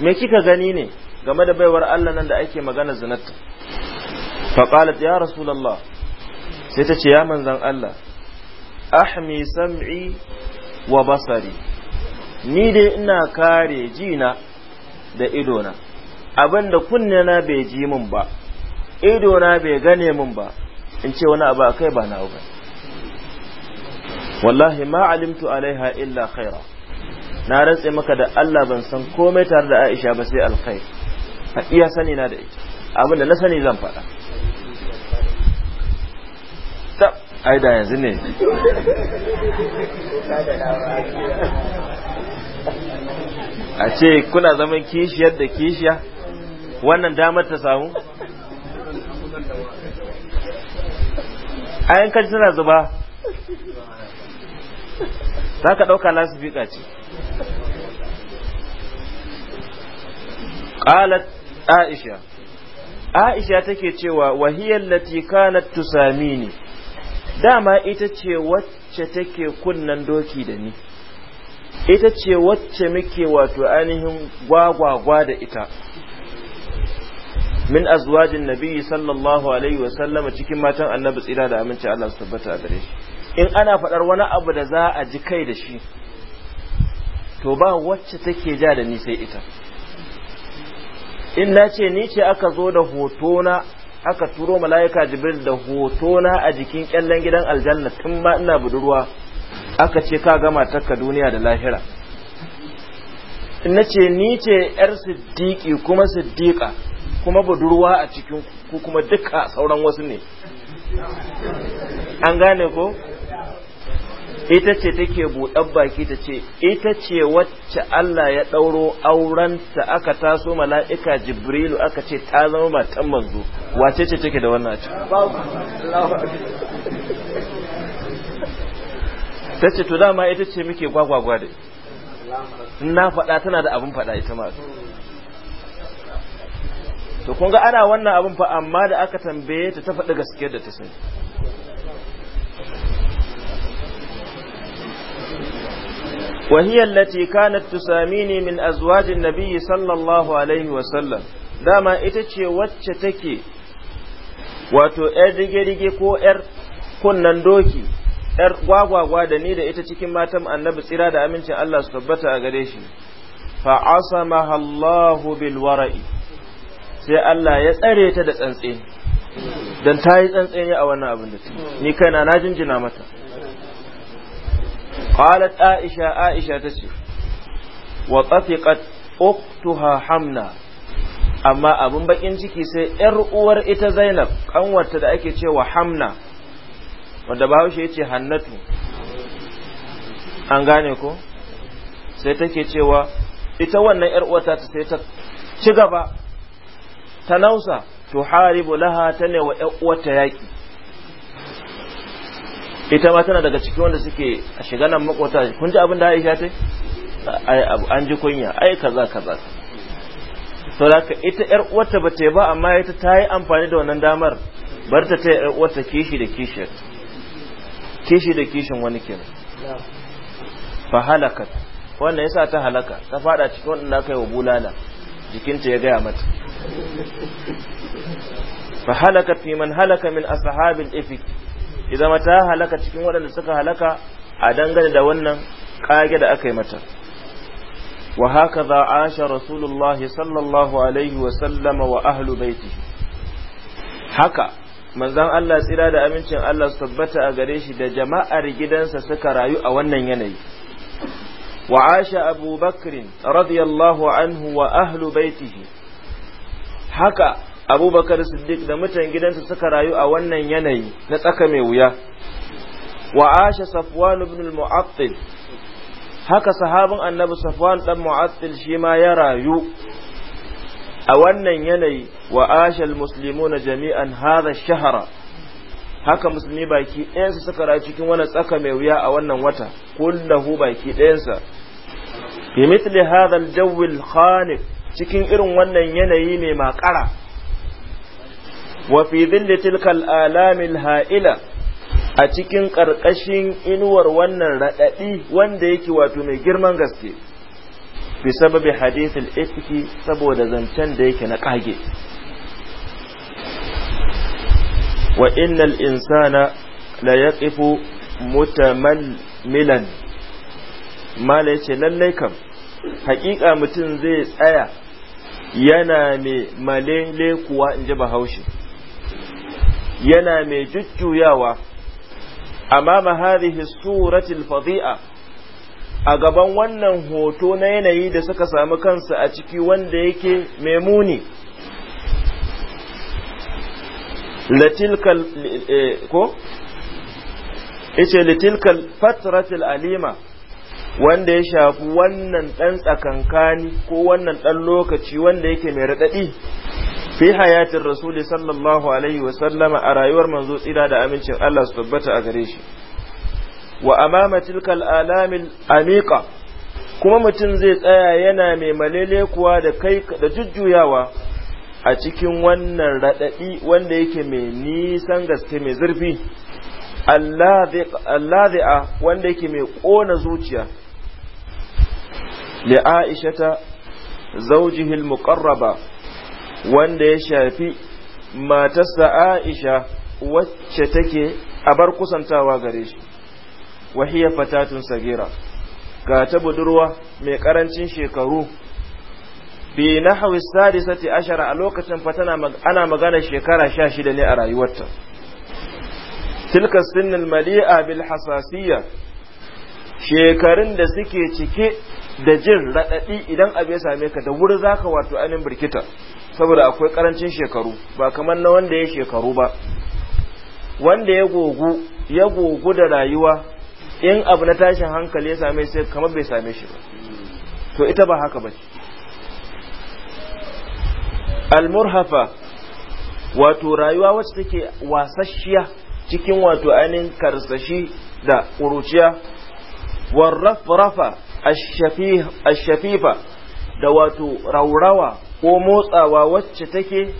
me kika gani ne game da baiwar Allah nan da ake magana zinatta faƙalat ya rasulallah sai ta ce ya manzan Allah ahmi sam'i wa basari ni dai ina kare jina da idona abin da kunnena bai ji min ba idona bai gane min ba in ce wani abu akai ba na ba wallahi ma alimtu alaiha illa khaira na rantse maka da Allah ban san komai tare da Aisha ba sai alkhair a iya sani na da ita abin na sani zan faɗa Aida yanzu ne a ce kuna zaman kishiyar da kishiya wannan damar ta samu a kan suna zuba za ka ɗauka fiƙa ce ƙalat aisha aisha take cewa wahiyar lati kanat tusamini dama ita ce wacce take kunnan doki da ni ita ce wacce muke wato ainihin gwagwagwa da ita min azwajin nabiyyi sallallahu alaihi wasallama cikin matan annabi tsira da aminci Allah su tabbata gare shi in ana faɗar wani abu da za a ji kai da shi to ba wacce take ja da ni sai ita in na ce ni ce aka zo da hotona aka turo mala'ika jibril da hoto na a jikin kyallen gidan aljanna tun ba ina budurwa aka ce ka gama takka duniya da lahira na ce ni ce yar siddiƙi kuma siddiqa kuma budurwa a cikin ku kuma duka sauran wasu ne an gane ko ita ce take buɗar baki ta ce ita ce wacce Allah ya ɗauro aurenta aka taso mala'ika jibrilu aka ce ta zama matan manzo wace ce take da wannan ce ta ce to dama ita ce muke gwagwagwa da na faɗa tana da abin faɗa ita ma to kun ga ana wannan abin fa amma da aka tambaye ta ta faɗi gaskiyar da ta sani وهي التي كانت تساميني من أزواج النبي صلى Dama ita ce wacce إتشي واتشتكي wato ‘yar rige-rige ko ‘yar kunnan doki, ‘yar gwagwagwa da ni da ita cikin matan annabi tsira da amincin Allah su tabbata a gare shi, fa'asamaha Allahu bil wara'i, sai Allah ya tsare ta da tsantse, don ta tsantse ne a wannan abin da ni kaina na jinjina mata. qalat aisha aisha tace wa tafiqat ukhtuha hamna amma abin baƙin ciki sai 'yar'uwar ita zainab ƙanwarta da ake cewa hamna wanda bahaushe ce hannatu an gane ko sai take cewa ita wannan yar ta sai ta ci ta nausa tuharibu laha ta ne wa yar yaƙi. ita ma tana daga cikin wanda suke a shiga nan makwata kun ji abin da Aisha ta an ji kunya ai kaza kaza to laka ita yar uwarta ba ta ba amma ita ta yi amfani da wannan damar bar ta ta yar uwarta kishi da kishin kishi da kishin wani kenan fa halakat wannan yasa ta halaka ta fada cikin wannan aka yi wa bulala jikinta ya gaya mata fa halakat fi man halaka min ashabil ifk ya mata ta halaka cikin waɗanda suka halaka a dangane da wannan ƙage da aka yi mata wa haka za a asha rasulullah sallallahu alaihi wa sallama wa ahlu baiti haka manzan Allah tsira da amincin Allah su tabbata a gare shi da jama'ar gidansa suka rayu a wannan yanayi wa asha abu bakrin radiyallahu anhu wa ahlu baiti haka abubakar siddiq da mutan gidansa suka rayu a wannan yanayi na tsaka mai wuya wa asha safwan ibn al-mu'attil haka sahabin annabi safwan dan mu'attil shi ma ya rayu a wannan yanayi wa asha al-muslimuna jami'an hadha ash-shahra haka musulmi baki ɗayansa suka rayu cikin wannan tsaka mai wuya a wannan wata kullahu baki ɗayansa bi mithli hadha al-jawl khaniq cikin irin wannan yanayi mai makara wa fi dhilli tilkal alamil ha'ila a cikin karkashin inuwar wannan radadi wanda yake wato mai girman gaske bi sababi hadithil ifki saboda zancen da yake na kage wa innal insana la yaqifu mutamalmilan mala lallai kam haƙiƙa mutum zai tsaya yana mai malele kuwa in ji bahaushe yana mai jujjuyawa amma hadhihi suratil fadi'a a gaban wannan hoto na yanayi da suka samu kansa a ciki wanda yake mai muni eh, ko litilkal fatratil alima wanda ya shafi wannan ɗan tsakankani ko wannan ɗan lokaci wanda yake mai raɗaɗi fi hayatin rasuli sallallahu alaihi wa sallama a rayuwar manzo tsira da amincin Allah su tabbata a gare shi wa amama tilkal alamil amiqa kuma mutum zai tsaya yana mai malele kuwa da kai da jujjuyawa a cikin wannan raɗaɗi wanda yake mai nisan gaske mai zurfi a wanda yake mai kona zuciya li aishata zawjihi al-muqarraba wanda ya shafi matarsa Aisha wacce take a bar kusantawa gare shi wahiya fatatun sagira ga ta budurwa mai karancin shekaru bi nahwi sadisati ashara a lokacin fatana ana magana shekara 16 ne a rayuwarta tilka sinnin mali'a bil hasasiyya shekarun da suke cike da jin radadi idan ya same ka da wuri zaka wato anin birkita saboda akwai karancin shekaru ba kamar na wanda ya shekaru ba wanda ya gogu ya gogu da rayuwa in abu na tashin hankali ya same shi kamar bai same shi ba to ita ba haka ba almurhafa wato rayuwa wacce take wasashiya cikin wato ainihin karsashi da ƙuruciya warrafrafa ashafifa da wato raurawa ko motsawa wacce take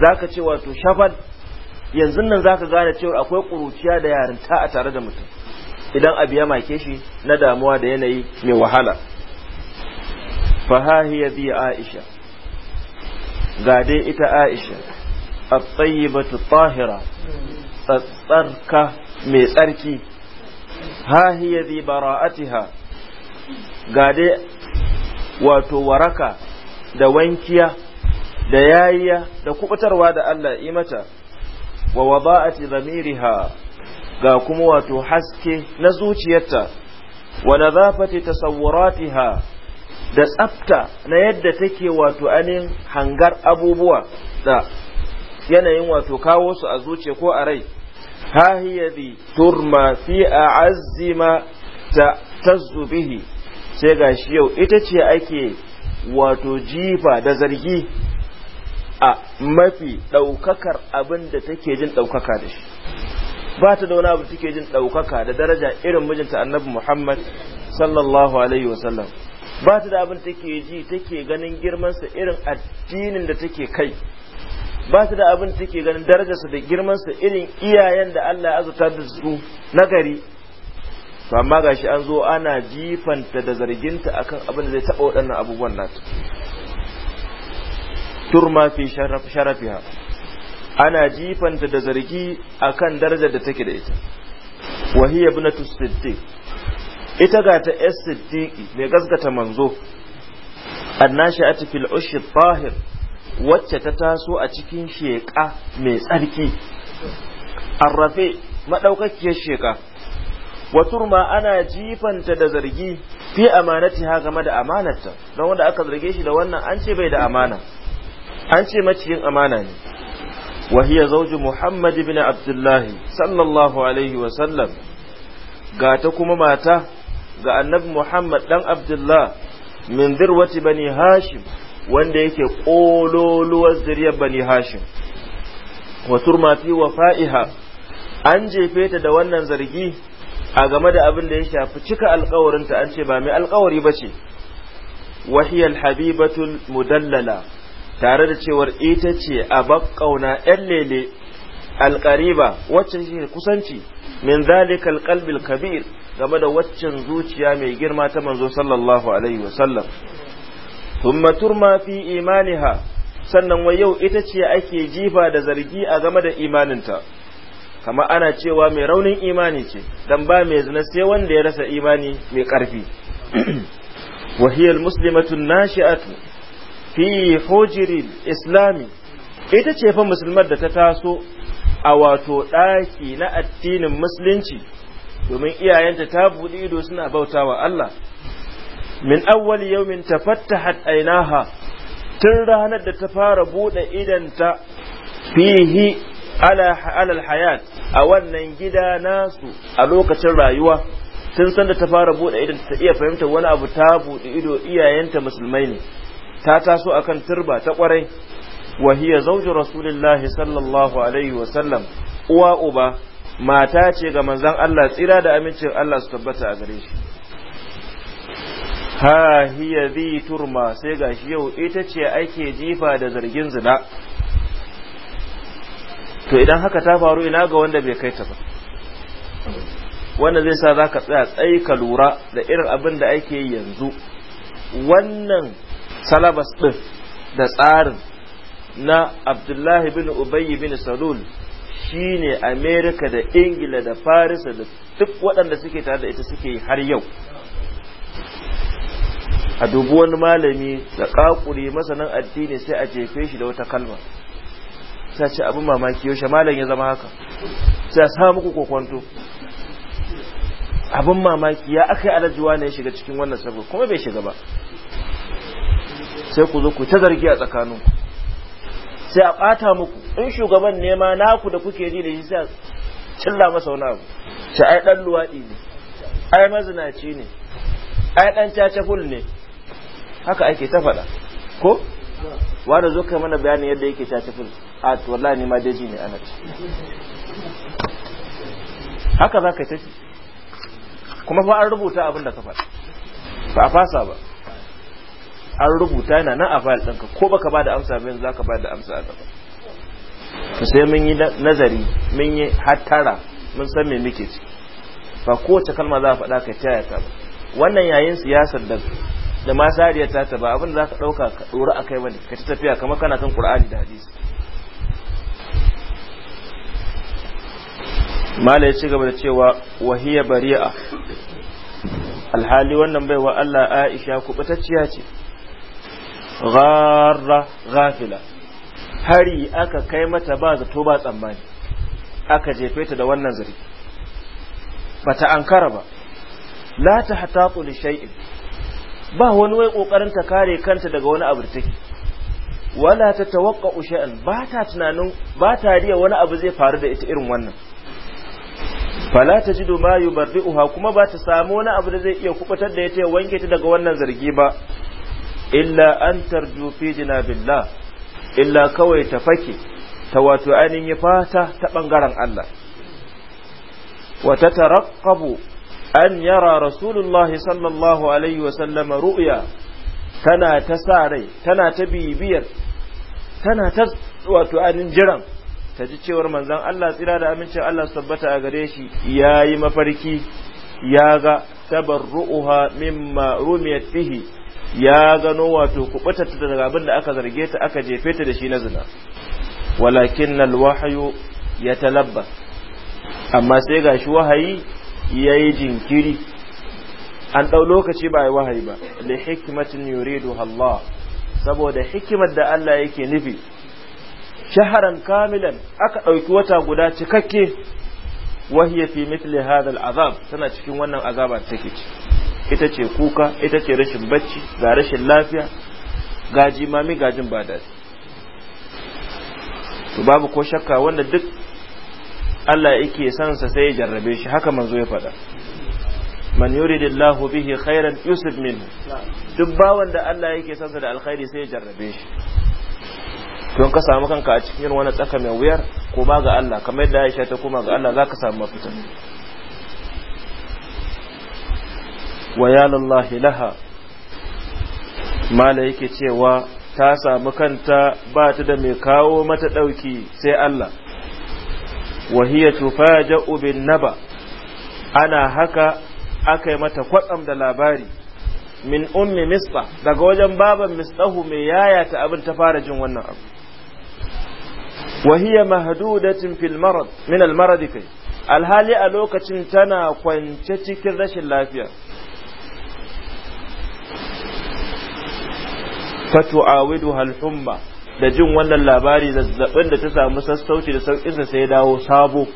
za ce wato shafal yanzu nan zaka gane cewa akwai ƙuruciya da yarinta a tare da mutum idan abu ya make shi na damuwa da yanayi mai wahala fahahiya bi aisha ga dai ita aisha a tsayibatu tahira tsatsarka mai tsarki hahiya bi bara'atiha ga dai wato waraka da wankiya da yayiya da kubutarwa da Allah yi mata wa wada'ati dhamiriha ga kuma wato haske na zuciyarta wa nadhafati tasawwuratiha da tsafta na yadda take wato anin hangar abubuwa da yanayin wato kawo su a zuciya ko a rai ha hiya turma fi ta tazubihi sai ga shi yau ita ce ake wato jifa da zargi a mafi ɗaukakar abin da take jin ɗaukaka da shi ba ta da wani abu take jin ɗaukaka da daraja irin mijinta annabi muhammad sallallahu alaihi wasallam ba ta da abin take ji take ganin girmansa irin addinin da take kai ba ta da abin take ganin darajarsa da girmansa irin iyayen da allah ya azurta da su gari to amma gashi an zo ana jifanta da zarginta akan abin da zai taɓa waɗannan abubuwan nata turma fi sharafiha ana jifanta da zargi akan darajar da take da ita wahiyya ibnatu siddiq ita ga ta yas siddiqi mai gaskata manzo annashi'atu fil ushr tahir wacce ta taso a cikin sheka mai tsarki arrafe madaukakiyar sheka wa turma ana jifanta da zargi fi amanati ha game da amanarta don wanda aka zarge shi da wannan an ce bai da amana an ce maciyin amana ne wa hiya zawju muhammad ibn abdullah sallallahu alaihi wa sallam ga ta kuma mata ga annabi muhammad dan abdullah min dirwati bani hashim wanda yake kololuwar zuriyar bani hashim wa turma fi wafa'iha an jefe ta da wannan zargi a game da abin da ya shafi cika alkawarinta an ce ba mai alkawari ba ce wahiyar habibatul mudallala tare da cewar ita ce a bakkauna yan lele alkariba wacce shi kusanci min zalika alqalbil kabir game da waccan zuciya mai girma ta manzo sallallahu alaihi wasallam thumma turma fi imaniha sannan wai yau ita ce ake jifa da zargi a game da imaninta kama ana cewa mai raunin imani ce don ba mai zina sai wanda ya rasa imani mai karfi *clears throat* wahiyar muslimatun nashi'atu fi hujiri islami ita ce fa musulmar da ta taso a wato ɗaki na addinin musulunci domin iyayenta ta buɗe ido suna bautawa Allah min awwali yawmin tafattahat ainaha tun ranar da ta fara buɗe idanta fihi alal hayat a wannan gida nasu a lokacin rayuwa tun sanda ta fara buɗe idan ta iya fahimta wani abu ta buɗe ido iyayenta musulmai ne ta taso akan turba ta kwarai wa hiya zawju rasulillahi sallallahu alaihi wa sallam uwa uba mata ce ga manzon Allah tsira da amincin Allah su tabbata a gare shi ha hiya zi turma sai gashi yau ita ce ake jifa da zargin zina to idan haka ta faru ina ga wanda bai kai ta ba wanda zai sa zaka tsaya tsayi ka lura da irin abin da ake yi yanzu wannan salabas ɗin da tsarin na abdullahi bin ubayy bin salul shine amerika da ingila da farisa da duk waɗanda suke tare da ita suke yi har yau a dubu wani malami da ƙaƙuri masanin addini sai a jefe shi da wata kalma sai ce abin mamaki yaushe malam ya zama haka sai a samu muku kwakwanto abin mamaki ya aka yi alajiwa ne ya shiga cikin wannan sabu kuma bai shiga ba sai ku zo ku ta zargi a tsakanin tsakaninku sai a ɓata muku in shugaban nema naku da kuke ji da shi sai cilla masa wani abu ce ai ɗan luwaɗi ne ai mazinaci ne ai ɗan cacaful ne haka ake ta faɗa ko wanda zo kai mana bayani yadda yake ta tafi a wallahi ni ma daji ne ana ci haka za ka ta ci kuma fa an rubuta abin da ka faɗi ba a fasa ba an rubuta yana nan a fayil ɗinka ko baka ba da amsa ba yanzu za ka ba da amsa a gaba sai mun yi nazari mun yi hattara mun san me muke ci ba kowace kalma za a faɗa ka taya ta ba wannan yayin siyasar da da ma sariya ta ta ba abin da za ka ɗauka ka ɗora a kai wani ka ci tafiya kamar kana kan ƙur'ani da hadisi mala ya ci gaba da cewa wahiya bari'a alhali wannan bai wa Allah Aisha kubutacciya ce gharra ghafila hari aka kai mata ba zato ba tsammani aka jefe ta da wannan zargi bata ankara ba la hata li shay'in ba wani wai kokarin ta kare kanta daga wani abu take wala ta tawakka shay'an ba ta tunanin ba ta riya wani abu zai faru da ita irin wannan fala tajidu ma yubarri'uha kuma ba ta samu wani abu da zai iya kubutar da ita ya wanke ta daga wannan zargi ba illa an tarju fi jinabillah illa kawai ta fake ta wato ainihin fata ta bangaren Allah Wata ta an yara rasulullahi sallallahu alaihi wasallama ru'ya tana ta sa rai tana ta bibiyar tana ta wato anin jiran ta ji cewar manzan Allah tsira da amincin Allah su tabbata a gare shi ya yi mafarki ya ga tabarru'uha mimma rumiyat fihi ya gano wato kubata ta daga abin da aka zarge ta aka jefe ta da shi na zina walakin alwahyu ya talabba amma sai gashi wahayi ya yi jinkiri an ɗau lokaci ba yi wahayi ba da hikimatin yuridu Allah saboda hikimar da Allah yake nufi shaharan kamilan aka ɗauki wata guda cikakke wahiya fi mithli hadha azab tana cikin wannan azaba take ci ita ce kuka ita ce rashin bacci ga rashin lafiya gaji mami gajin ba da babu ko shakka wanda duk Allah yake son sa sai ya jarrabe shi haka manzo ya faɗa man yuridillahu bihi khairan yusib minhu duk bawan da Allah yake son sa da alkhairi sai ya jarrabe shi don ka samu kanka a cikin wani tsaka mai wuyar koma ga Allah kamar yadda Aisha ta koma ga Allah zaka samu mafita wa ya lallahi laha mala yake cewa ta samu kanta ba ta da mai kawo mata dauki sai Allah wa hiya tufaja'u naba ana haka aka yi mata kwatsam da labari min ummi misba daga wajen baban misdahu mai yayata abin ta fara jin wannan abu wa hiya mahdudatin fil marad min al kai alhali a lokacin tana kwance cikin rashin lafiya fatu'awidu al da jin wannan labari zazzabin da ta samu sassauci da sauƙinsa sai dawo sabo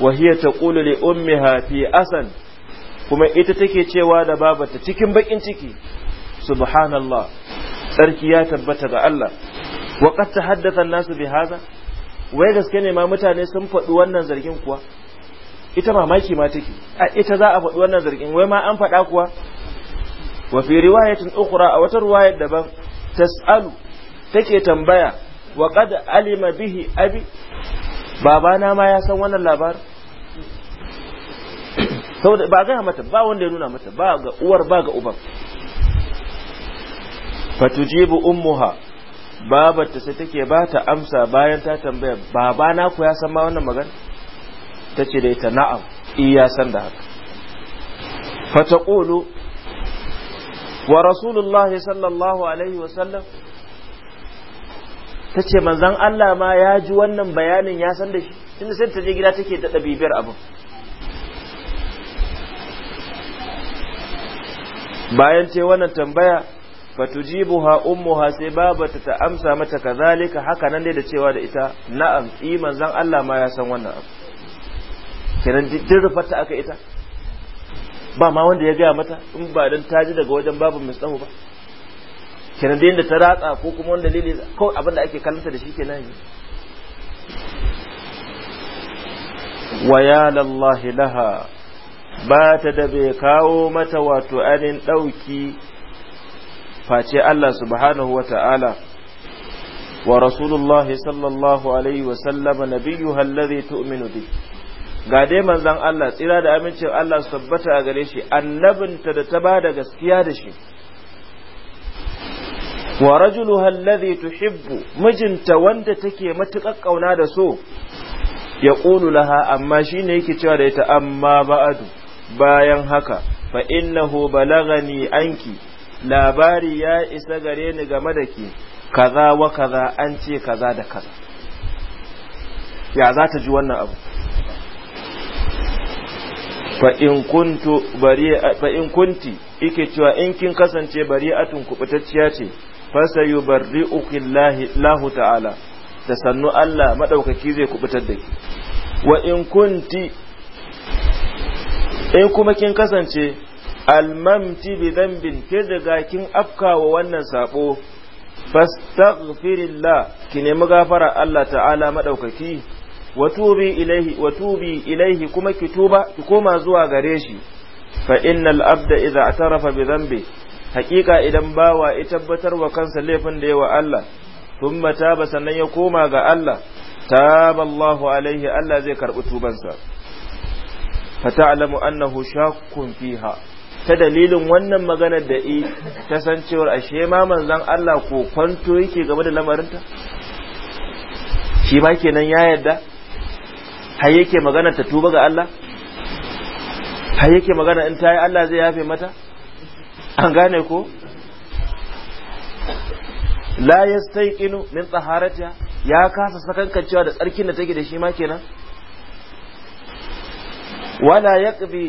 wahiya ta ƙulu li hafi fi asan kuma ita take cewa da babata cikin bakin ciki subhanallah tsarki ya tabbata ga Allah Waƙar ta haddasa nasu bi haza? wai gaske ne ma mutane sun faɗi wannan zargin kuwa ita mamaki ma take a ita za a faɗi wannan zargin wai ma an faɗa kuwa wa fi riwayatin ukhra a wata riwayar daban tas'alu take tambaya wa qad alima bihi abi babana ma ya san wannan labarin *coughs* saboda ba ga mata ba wanda ya nuna mata ba ga uwar ba ga uban fatujibu ummuha ta sai take ba ta amsa bayan ta tambaya babana ku ya san ma wannan magana tace da ita na'am iya san da haka fataqulu wa rasulullahi sallallahu alaihi wasallam ta ce manzan Allah ma ya ji wannan bayanin ya san da shi tunda sai ta je gida take da bibiyar abu bayan ce wannan tambaya fatujibuha ummuha sai babata ta ta amsa mata kazalika haka nan dai da cewa da ita na'am i manzan Allah ma ya san wannan abu kenan duk ta aka ita ba ma wanda ya gaya mata in ba dan ta ji daga wajen babu tsawo ba kenan da ta ratsa ko kuma wani dalili ko abin da ake kallonta da shi ke nan wa ya lallahi laha ba ta da bai kawo mata wato anin ɗauki face Allah subhanahu wa ta'ala wa rasulullahi sallallahu alaihi wasallama na biyu hallari tu'minu bihi ga dai manzon Allah tsira da amincin Allah su tabbata a gare shi annabinta da ta bada gaskiya da shi wa rajuluha alladhi tuhibbu mijinta wanda take matukar kauna da so ya qulu laha amma shine yake cewa da ita amma ba'adu bayan haka fa innahu balagani anki labari ya isa gare ni game da ke kaza wa kaza an ce kaza da kaza ya za ta ji wannan abu Fa in kunti ike cewa in kin kasance bari'atun kubutacciya ce fasa yi bari ukin lahu ta'ala da sannu Allah maɗaukaki zai kubutar da ki wa in kunti in kuma kin kasance almamti bi dambin ke daga kin afkawa wannan sabo fastaghfirillah ki nemi gafara Allah ta'ala maɗaukaki wa tubi ilaihi kuma ki tuba ki koma zuwa gare shi fa innal abda idza atarafa bi dhanbi haqiqa idan bawa ya tabbatar wa kansa laifin da yawa Allah thumma taba sannan ya koma ga Allah taballahu alaihi Allah zai karbi tubansa fa ta'lamu annahu shakkun fiha ta dalilin wannan maganar da i ta san cewar ashe ma manzon Allah ko kwanto yake game da lamarinta shi ma kenan ya yarda har yake magana ta tuba ga Allah har yake magana in ta yi Allah zai yafe mata an gane ko la yastaiqinu min taharatiha ya kasa sakankancewa da tsarkin da take da shi ma kenan wala yaqbi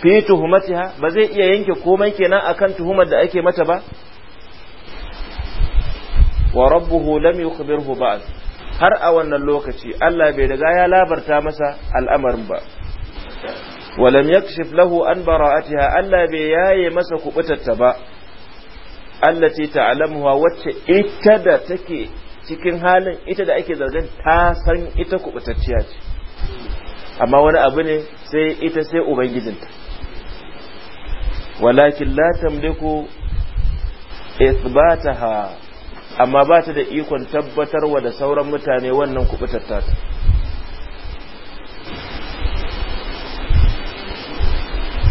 fi tuhumatiha ba zai iya yanke komai kenan akan tuhumar da ake mata ba wa rabbuhu lam yukhbirhu ba'd har a wannan lokaci Allah bai daga ya labarta masa al'amarin ba walam yakshif lahu an bara'atiha Allah bai yaye masa kubutarta ba allati ta'lamuha wacce ita da take cikin halin ita da ake zargin ta san ita kubutacciya ce amma wani abu ne sai ita sai ubangijinta walakin la tamliku isbataha. amma ba ta da ikon tabbatarwa da sauran mutane wannan kubutar ta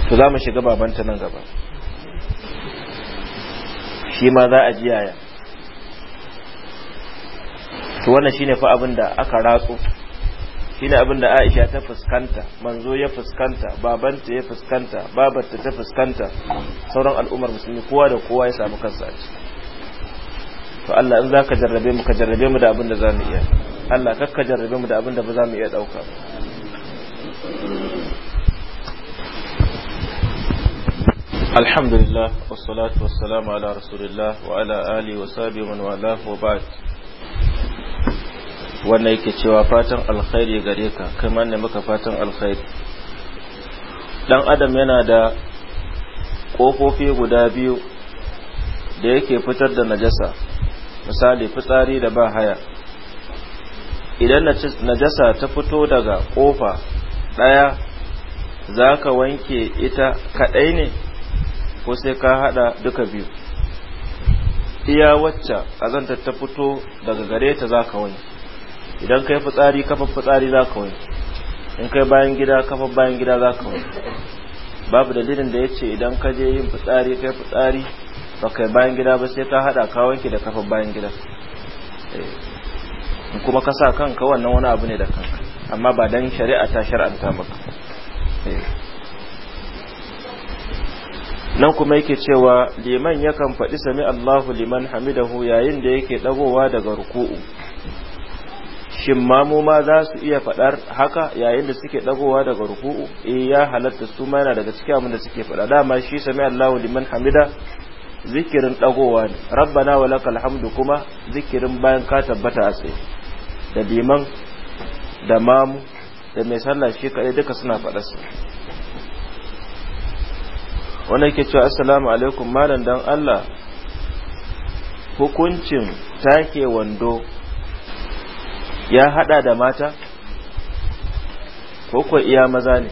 to za mu shiga babanta nan gaba shi ma za a jiyaya to wannan shi ne fa abin da aka ratso shi abin da Aisha ta fuskanta manzo ya fuskanta babanta ya fuskanta babarta ta fuskanta sauran al'ummar musulmi kowa da kowa ya samu kansa a ciki to Allah in za ka jarrabe mu ka jarrabe mu da abin da za mu iya Allah kar ka jarrabe mu da abin da ba za mu iya dauka Alhamdulillah wassalatu wassalamu ala rasulillah wa ala ali wa sabi man wala wa ba'd wannan yake cewa fatan alkhairi gare ka kai ne muka fatan alkhairi dan adam yana da kofofi guda biyu da yake fitar da najasa misali fitsari da ba haya idan najasa ta fito daga kofa daya za ka wanke ita kadai ne ko sai ka hada duka biyu iya wacce azanta ta fito daga gare ta za ka wanke idan kai fitsari kafin fitsari za ka wanke in kai bayan gida kafin bayan gida za ka wanke babu dalilin da ya ce idan ka je yin fitsari kai fitsari baka bayan gida ba sai ka hada ka wanke da kafa bayan gida eh, in kuma ka sa kanka wannan wani abu ne da kanka amma ba dan shari'a ta shar'anta maka eh. nan kuma yake cewa liman ya kan faɗi sami Allahu liman hamidahu yayin da yake ɗagowa daga ruku'u shin mu ma za su iya faɗar haka yayin da suke ɗagowa daga ruku'u eh ya halatta su ma yana daga cikin abin da suke faɗa dama shi sami Allahu liman hamida zikirin dagowa ne rabbana wa lakal hamdu kuma zikirin bayan ka tabbata a tsaye da liman da mamu da mai sallah shi kaɗai duka suna faɗa su wanda yake cewa assalamu alaikum malam dan Allah hukuncin take wando ya hada da mata ko ko iya maza ne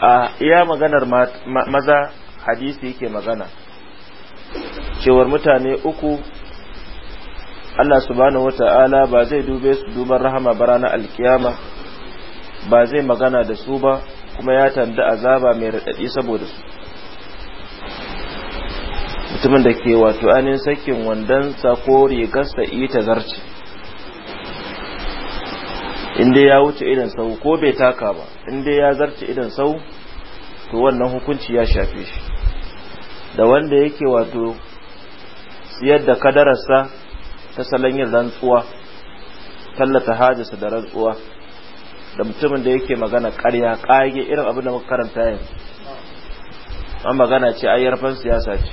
a iya maganar maza hadisi yake magana cewar mutane uku Allah subhanahu wata'ala ba zai dube su duban rahama ba ranar alkiyama ba zai magana da su ba kuma ya tanda azaba mai raɗaɗi saboda su mutumin da ke wato anin sakin wandonsa ko rigarsa ita zarce inda ya wuce idan sau ko bai taka ba inda ya zarce idan sau to wannan hukunci ya shafe shi da wanda yake wato siyar da kadararsa ta salon yin rantsuwa tallata hajjisa da rantsuwa da mutumin da yake magana karya kage irin abin da muka karanta yanzu an magana ce ayyarfan siyasa ce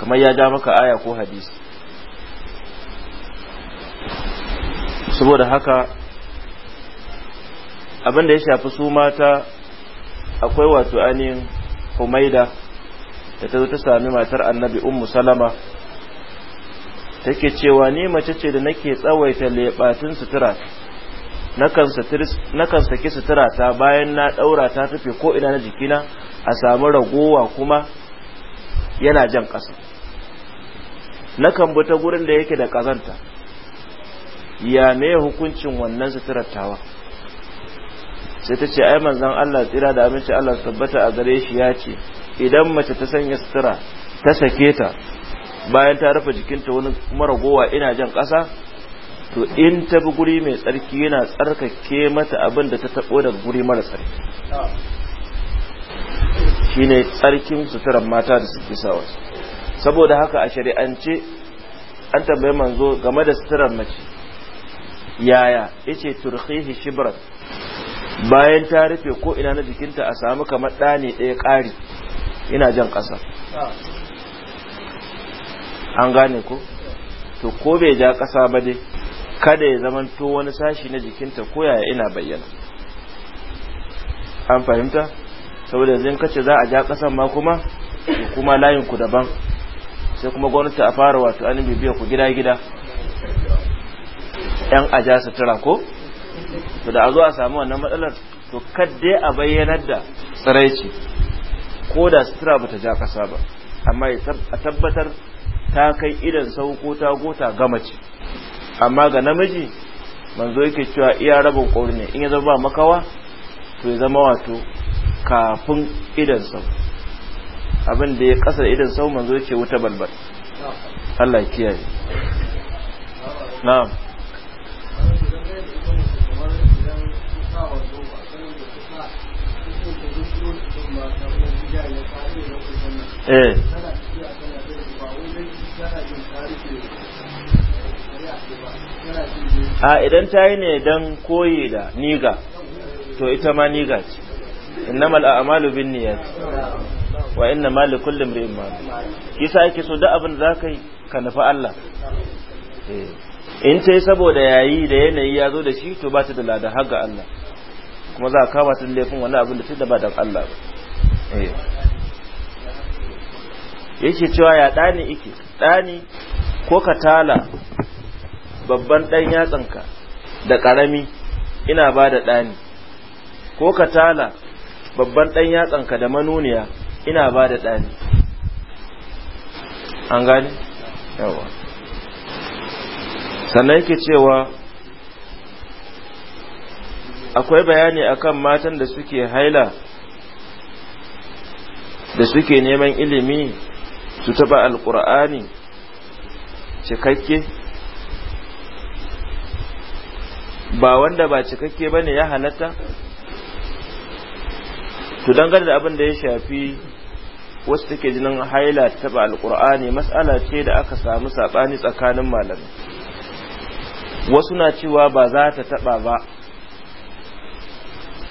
kamar ya ja maka aya ko hadisi saboda haka abin da ya shafi su mata akwai wato ainihin humaida da ta zo ta sami matar annabi ummu salama take cewa ne mace ce da nake tsawaita lebatin sutura na kan saki sutura ta bayan na daura ta tafi ko ina na jikina a samu ragowa kuma yana jan ƙasa kan bi ta gurin da yake da ƙazanta ya me hukuncin wannan suturar tawa sai ta ce ai manzon Allah tsira da aminci Allah tabbata a gare shi ya ce idan mace ta sanya sutura ta sake ta bayan ta rufe jikinta wani maragowa ina jan ƙasa to in ta bi guri mai tsarki yana tsarkake mata abin da ta taɓo daga guri mara tsarki shi ne tsarkin suturan mata da suke sawa saboda haka a shari'ance an tambaye manzo game da suturar mace yaya ice turhihi shibrat bayan ta rufe ko ina na jikinta a samu kamar ɗani ɗaya ƙari ina jan ƙasa an gane ko to ko bai ja ƙasa ba dai kada ya zamanto wani sashi na jikinta ko yaya ina bayyana an fahimta saboda zai kace za a ja ƙasan ma kuma kuma layin ku daban sai kuma gwamnati a fara wato an bibiya ku gida gida yan aja sutura ko to da a zo a samu wannan matsalar to kaddai a bayyanar da tsiraici ko da sutura bata ja ƙasa ba amma a tabbatar ta kai idan sauko ta gota gama ce amma ga namiji manzo yake cewa iya rabin ƙori ne in ya zama makawa to ya zama wato kafin idan sau abin da ya kasar idan sau manzo yake wuta balbal Allah ya kiyaye na'am Eh. a idan ta yi ne don koyi da niga to ita ma niga ce innamal a'malu bin ce, wa inna ma likulli imrin ma sa ake so duk abin da zaka yi ka nufi Allah eh. in ce saboda yayi da yanayi ya zo da shi to ba ta da lada haga Allah kuma za a kama su laifin wani abin da ta da ba dan Allah ba Eh. yake cewa ya ɗani ike ɗani ko ka tala babban ɗan yatsanka da ƙarami ina ba da ɗani ko ka tala babban ɗan yatsanka da manuniya ina ba da ɗani an gani? yawa sannan yake cewa akwai bayani akan matan da suke haila da suke neman ilimi su taba alkur'ani cikakke ba wanda ba cikakke ba ne ya halatta to dangane da abin da ya shafi wasu take jinin haila ta taba alkur'ani matsala ce da aka samu saɓani tsakanin malamai wasu na cewa ba za ta taba ba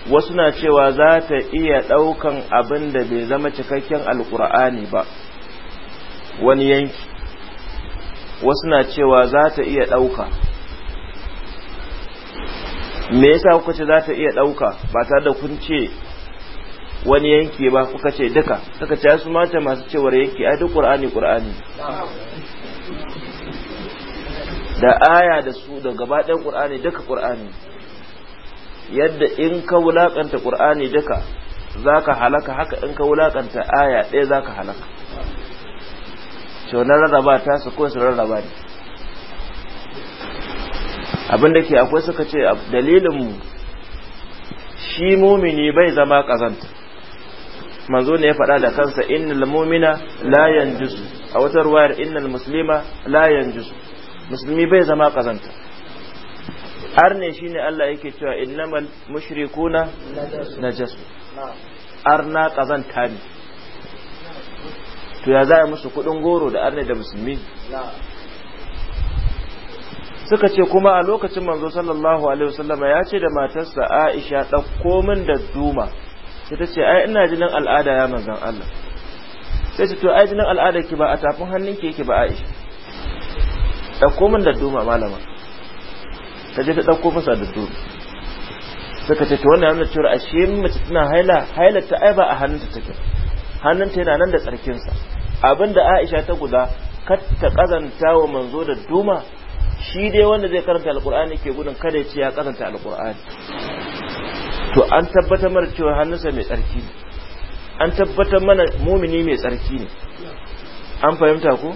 wasu na cewa za ta iya ɗaukan abin da bai zama cikakken alkur'ani ba wani yanki wasu na cewa za ta iya ɗauka me yasa kuka ce za ta iya ɗauka ba tare da kun ce wani yanki ba kuka ce duka suka ce su mata masu cewar yanki a duk ƙur'ani ƙur'ani da aya da su da gaba ɗayan ƙur'ani duka ƙur'ani yadda in ka wulakanta qur'ani duka zaka halaka haka in ka wulakanta aya ɗaya zaka halaka to na rarraba ta su ko su rarraba ne abinda ke akwai suka ce dalilin mu shi mumini bai zama kazanta manzo ne ya faɗa da kansa innal mumina la yanjusu a wata ruwayar innal muslima la yanjusu musulmi bai zama kazanta har ne shi ne Allah yake cewa innamal mushrikuna najas na kazanta ne to ya zaya musu kudin goro da arne da musulmi suka ce kuma a lokacin manzo sallallahu alaihi wasallama ya ce da matarsa Aisha ɗauko min da duma sai ta ce ai ina jinin al'ada ya manzon Allah sai ce to ai jinin al'ada ki ba a tafin hannunki yake ba Aisha ɗauko min da duma malama ta je ta dauko masa da su suka ce to wannan yana cewa ashe mace tana haila haila ta aiba a hannunta take hannunta yana nan da tsarkinsa abinda Aisha ta guda kar ta kazanta wa manzo da duma shi dai wanda zai karanta alqur'ani ke gudun kada ya ce ya karanta alqur'ani to an tabbatar mana cewa hannunsa mai tsarki ne an tabbatar mana mumini mai tsarki ne an fahimta ko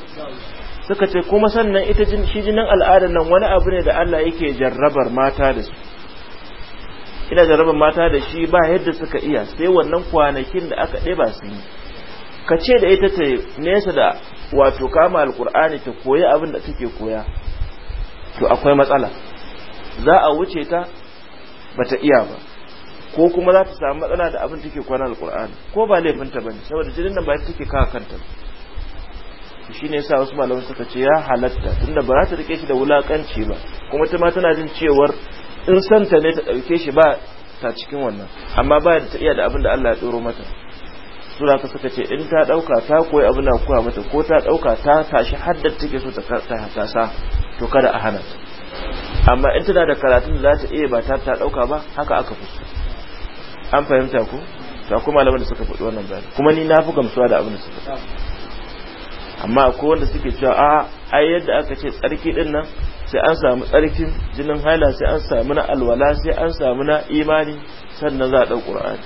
suka ce kuma sannan ita shi jinin al'adar nan wani abu ne da Allah yake jarrabar mata da su ina jarrabar mata da shi ba yadda suka iya sai wannan kwanakin da aka ɗeba su yi ka ce da ita ta nesa da wato kama alkur'ani ta koyi abin da take koya to akwai matsala za a wuce ta ba ta iya ba ko kuma za ta samu matsala da abin take kwana alkur'ani ko ba laifinta ba ne saboda jinin nan ba take kawo kanta ba shi ne sa wasu malamai suka ce ya halatta tunda ba za ta rike shi da wulakanci ba kuma ta ma tana jin cewar in santa ne ta ɗauke shi ba ta cikin wannan amma ba ta iya da abin da Allah ya tsoro mata su ka suka ce in ta ɗauka ta koyi abin da kuwa mata ko ta ɗauka ta tashi haddar take so ta tasa to kada a hana amma in tana da karatun da za ta iya ba ta ta ɗauka ba haka aka fi an fahimta ku ta kuma malaman da suka faɗi wannan bayani kuma ni na fi gamsuwa da abin da suka faɗi amma akwai wanda suke cewa a ai yadda aka ce tsarki din nan sai an samu tsarkin jinin haila sai an samu na alwala sai an samu na imani sannan za a ɗau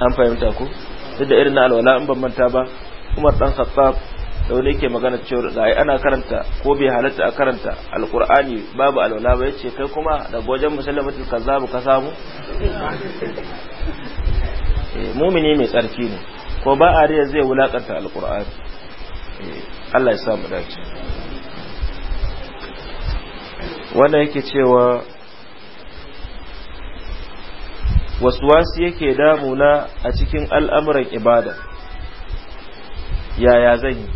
an fahimta ko duk da irin na alwala in ban manta ba umar dan khattab da wani yake magana cewa da ai ana karanta ko bai halatta a karanta alqur'ani babu alwala ba yace kai kuma da wajen musallamatul kazzab ka samu eh, mumini mai tsarki ne ko ba a riya zai wulakanta alqur'ani Allah ya samu dace wanda yake cewa waswasi yake damuna a cikin al'amuran ibada yaya zan yi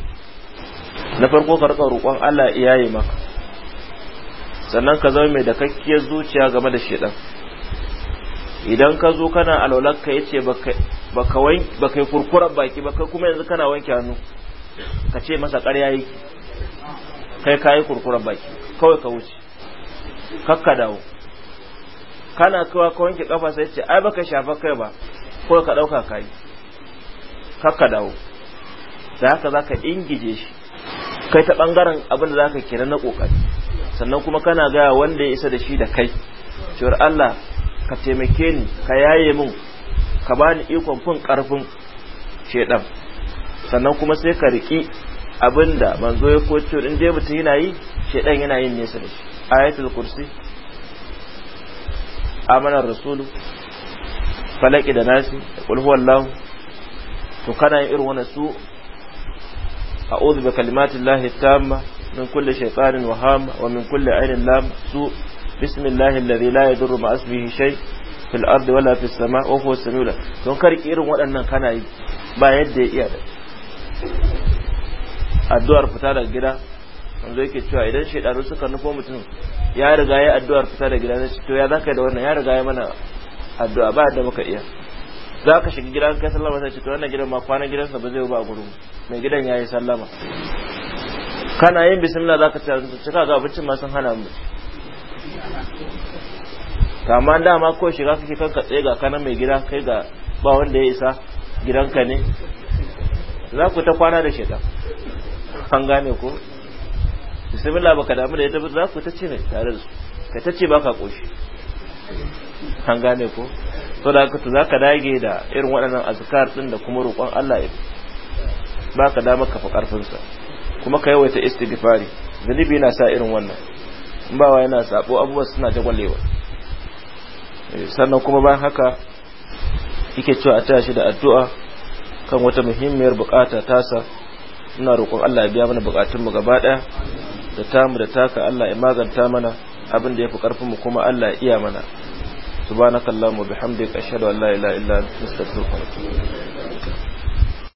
na farko karka roƙon Allah ya iyaye maka sannan ka zama mai da kakkiyar zuciya game da shedan idan ka zo kana alwalarka ya ce baka yi kurkurar baki baka kuma yanzu kana wanke hannu ka ce masa ƙarya yi kai ka yi kurkuren baki kawai ka wuce kakka dawo kana kawa ka wanke kafa sai ce ai baka shafa kai ba ko ka ɗauka kayi kakka dawo da haka za ka ingije shi kai ta ɓangaren abin da za ka kira na ƙoƙari sannan kuma kana gaya wanda ya isa da shi da kai cewar Allah ka taimake ni ka yaye min ka bani ikon fin ƙarfin shaidan sannan kuma sai ka riki abinda manzo ya koce in dai mutum yana yi shedan yana yin nesa da shi ayatul kursi amanar rasulu falaki da nasi da qul huwallahu to kana irin wani su A a'udhu bi lahi tamma min kulle shaitanin wahama wa min kulle ainihin lam su bismillahi alladhi la yadurru ma ismihi shay fil ardi wala fis sama wa huwa samiul don karki irin waɗannan kana yi ba yadda ya iya da addu'ar fita daga gida yanzu yake cewa idan shaidanu suka nufo mutum ya riga ya addu'ar fita daga gida zai to ya zaka da wannan ya riga ya mana addu'a ba da muka iya za ka shiga gidan kai sallama sai to wannan gidan ma kwana gidansa ba zai ba gurin mai gidan yayi sallama kana yin bismillah zaka ce cika ga abincin ma sun hana mu kama dama ko shiga kake kanka tsaye ga kana mai gida kai ga ba wanda ya isa gidanka ne za ku ta kwana da shaitan an gane ko bismillah baka damu da ita za ku ta ce mai tare da su ka ta ce baka koshi an gane ko to da haka za ka dage da irin waɗannan azkar din da kuma roƙon Allah baka dama ka fa karfin sa kuma ka yawaita istighfari zanibi yana sa irin wannan in ba wa yana sabo abubuwa suna gwalewa eh, sannan kuma bayan haka yake cewa a tashi da addu'a kan wata muhimmiyar bukata tasa ina roƙon Allah ya biya mana bukatun mu gaba ɗaya da tamu da taka Allah ya maganta mana abin da yafi karfin mu kuma Allah ya iya mana subhanakallahumma bihamdika ashhadu an la ilaha illa anta astaghfiruka wa atubu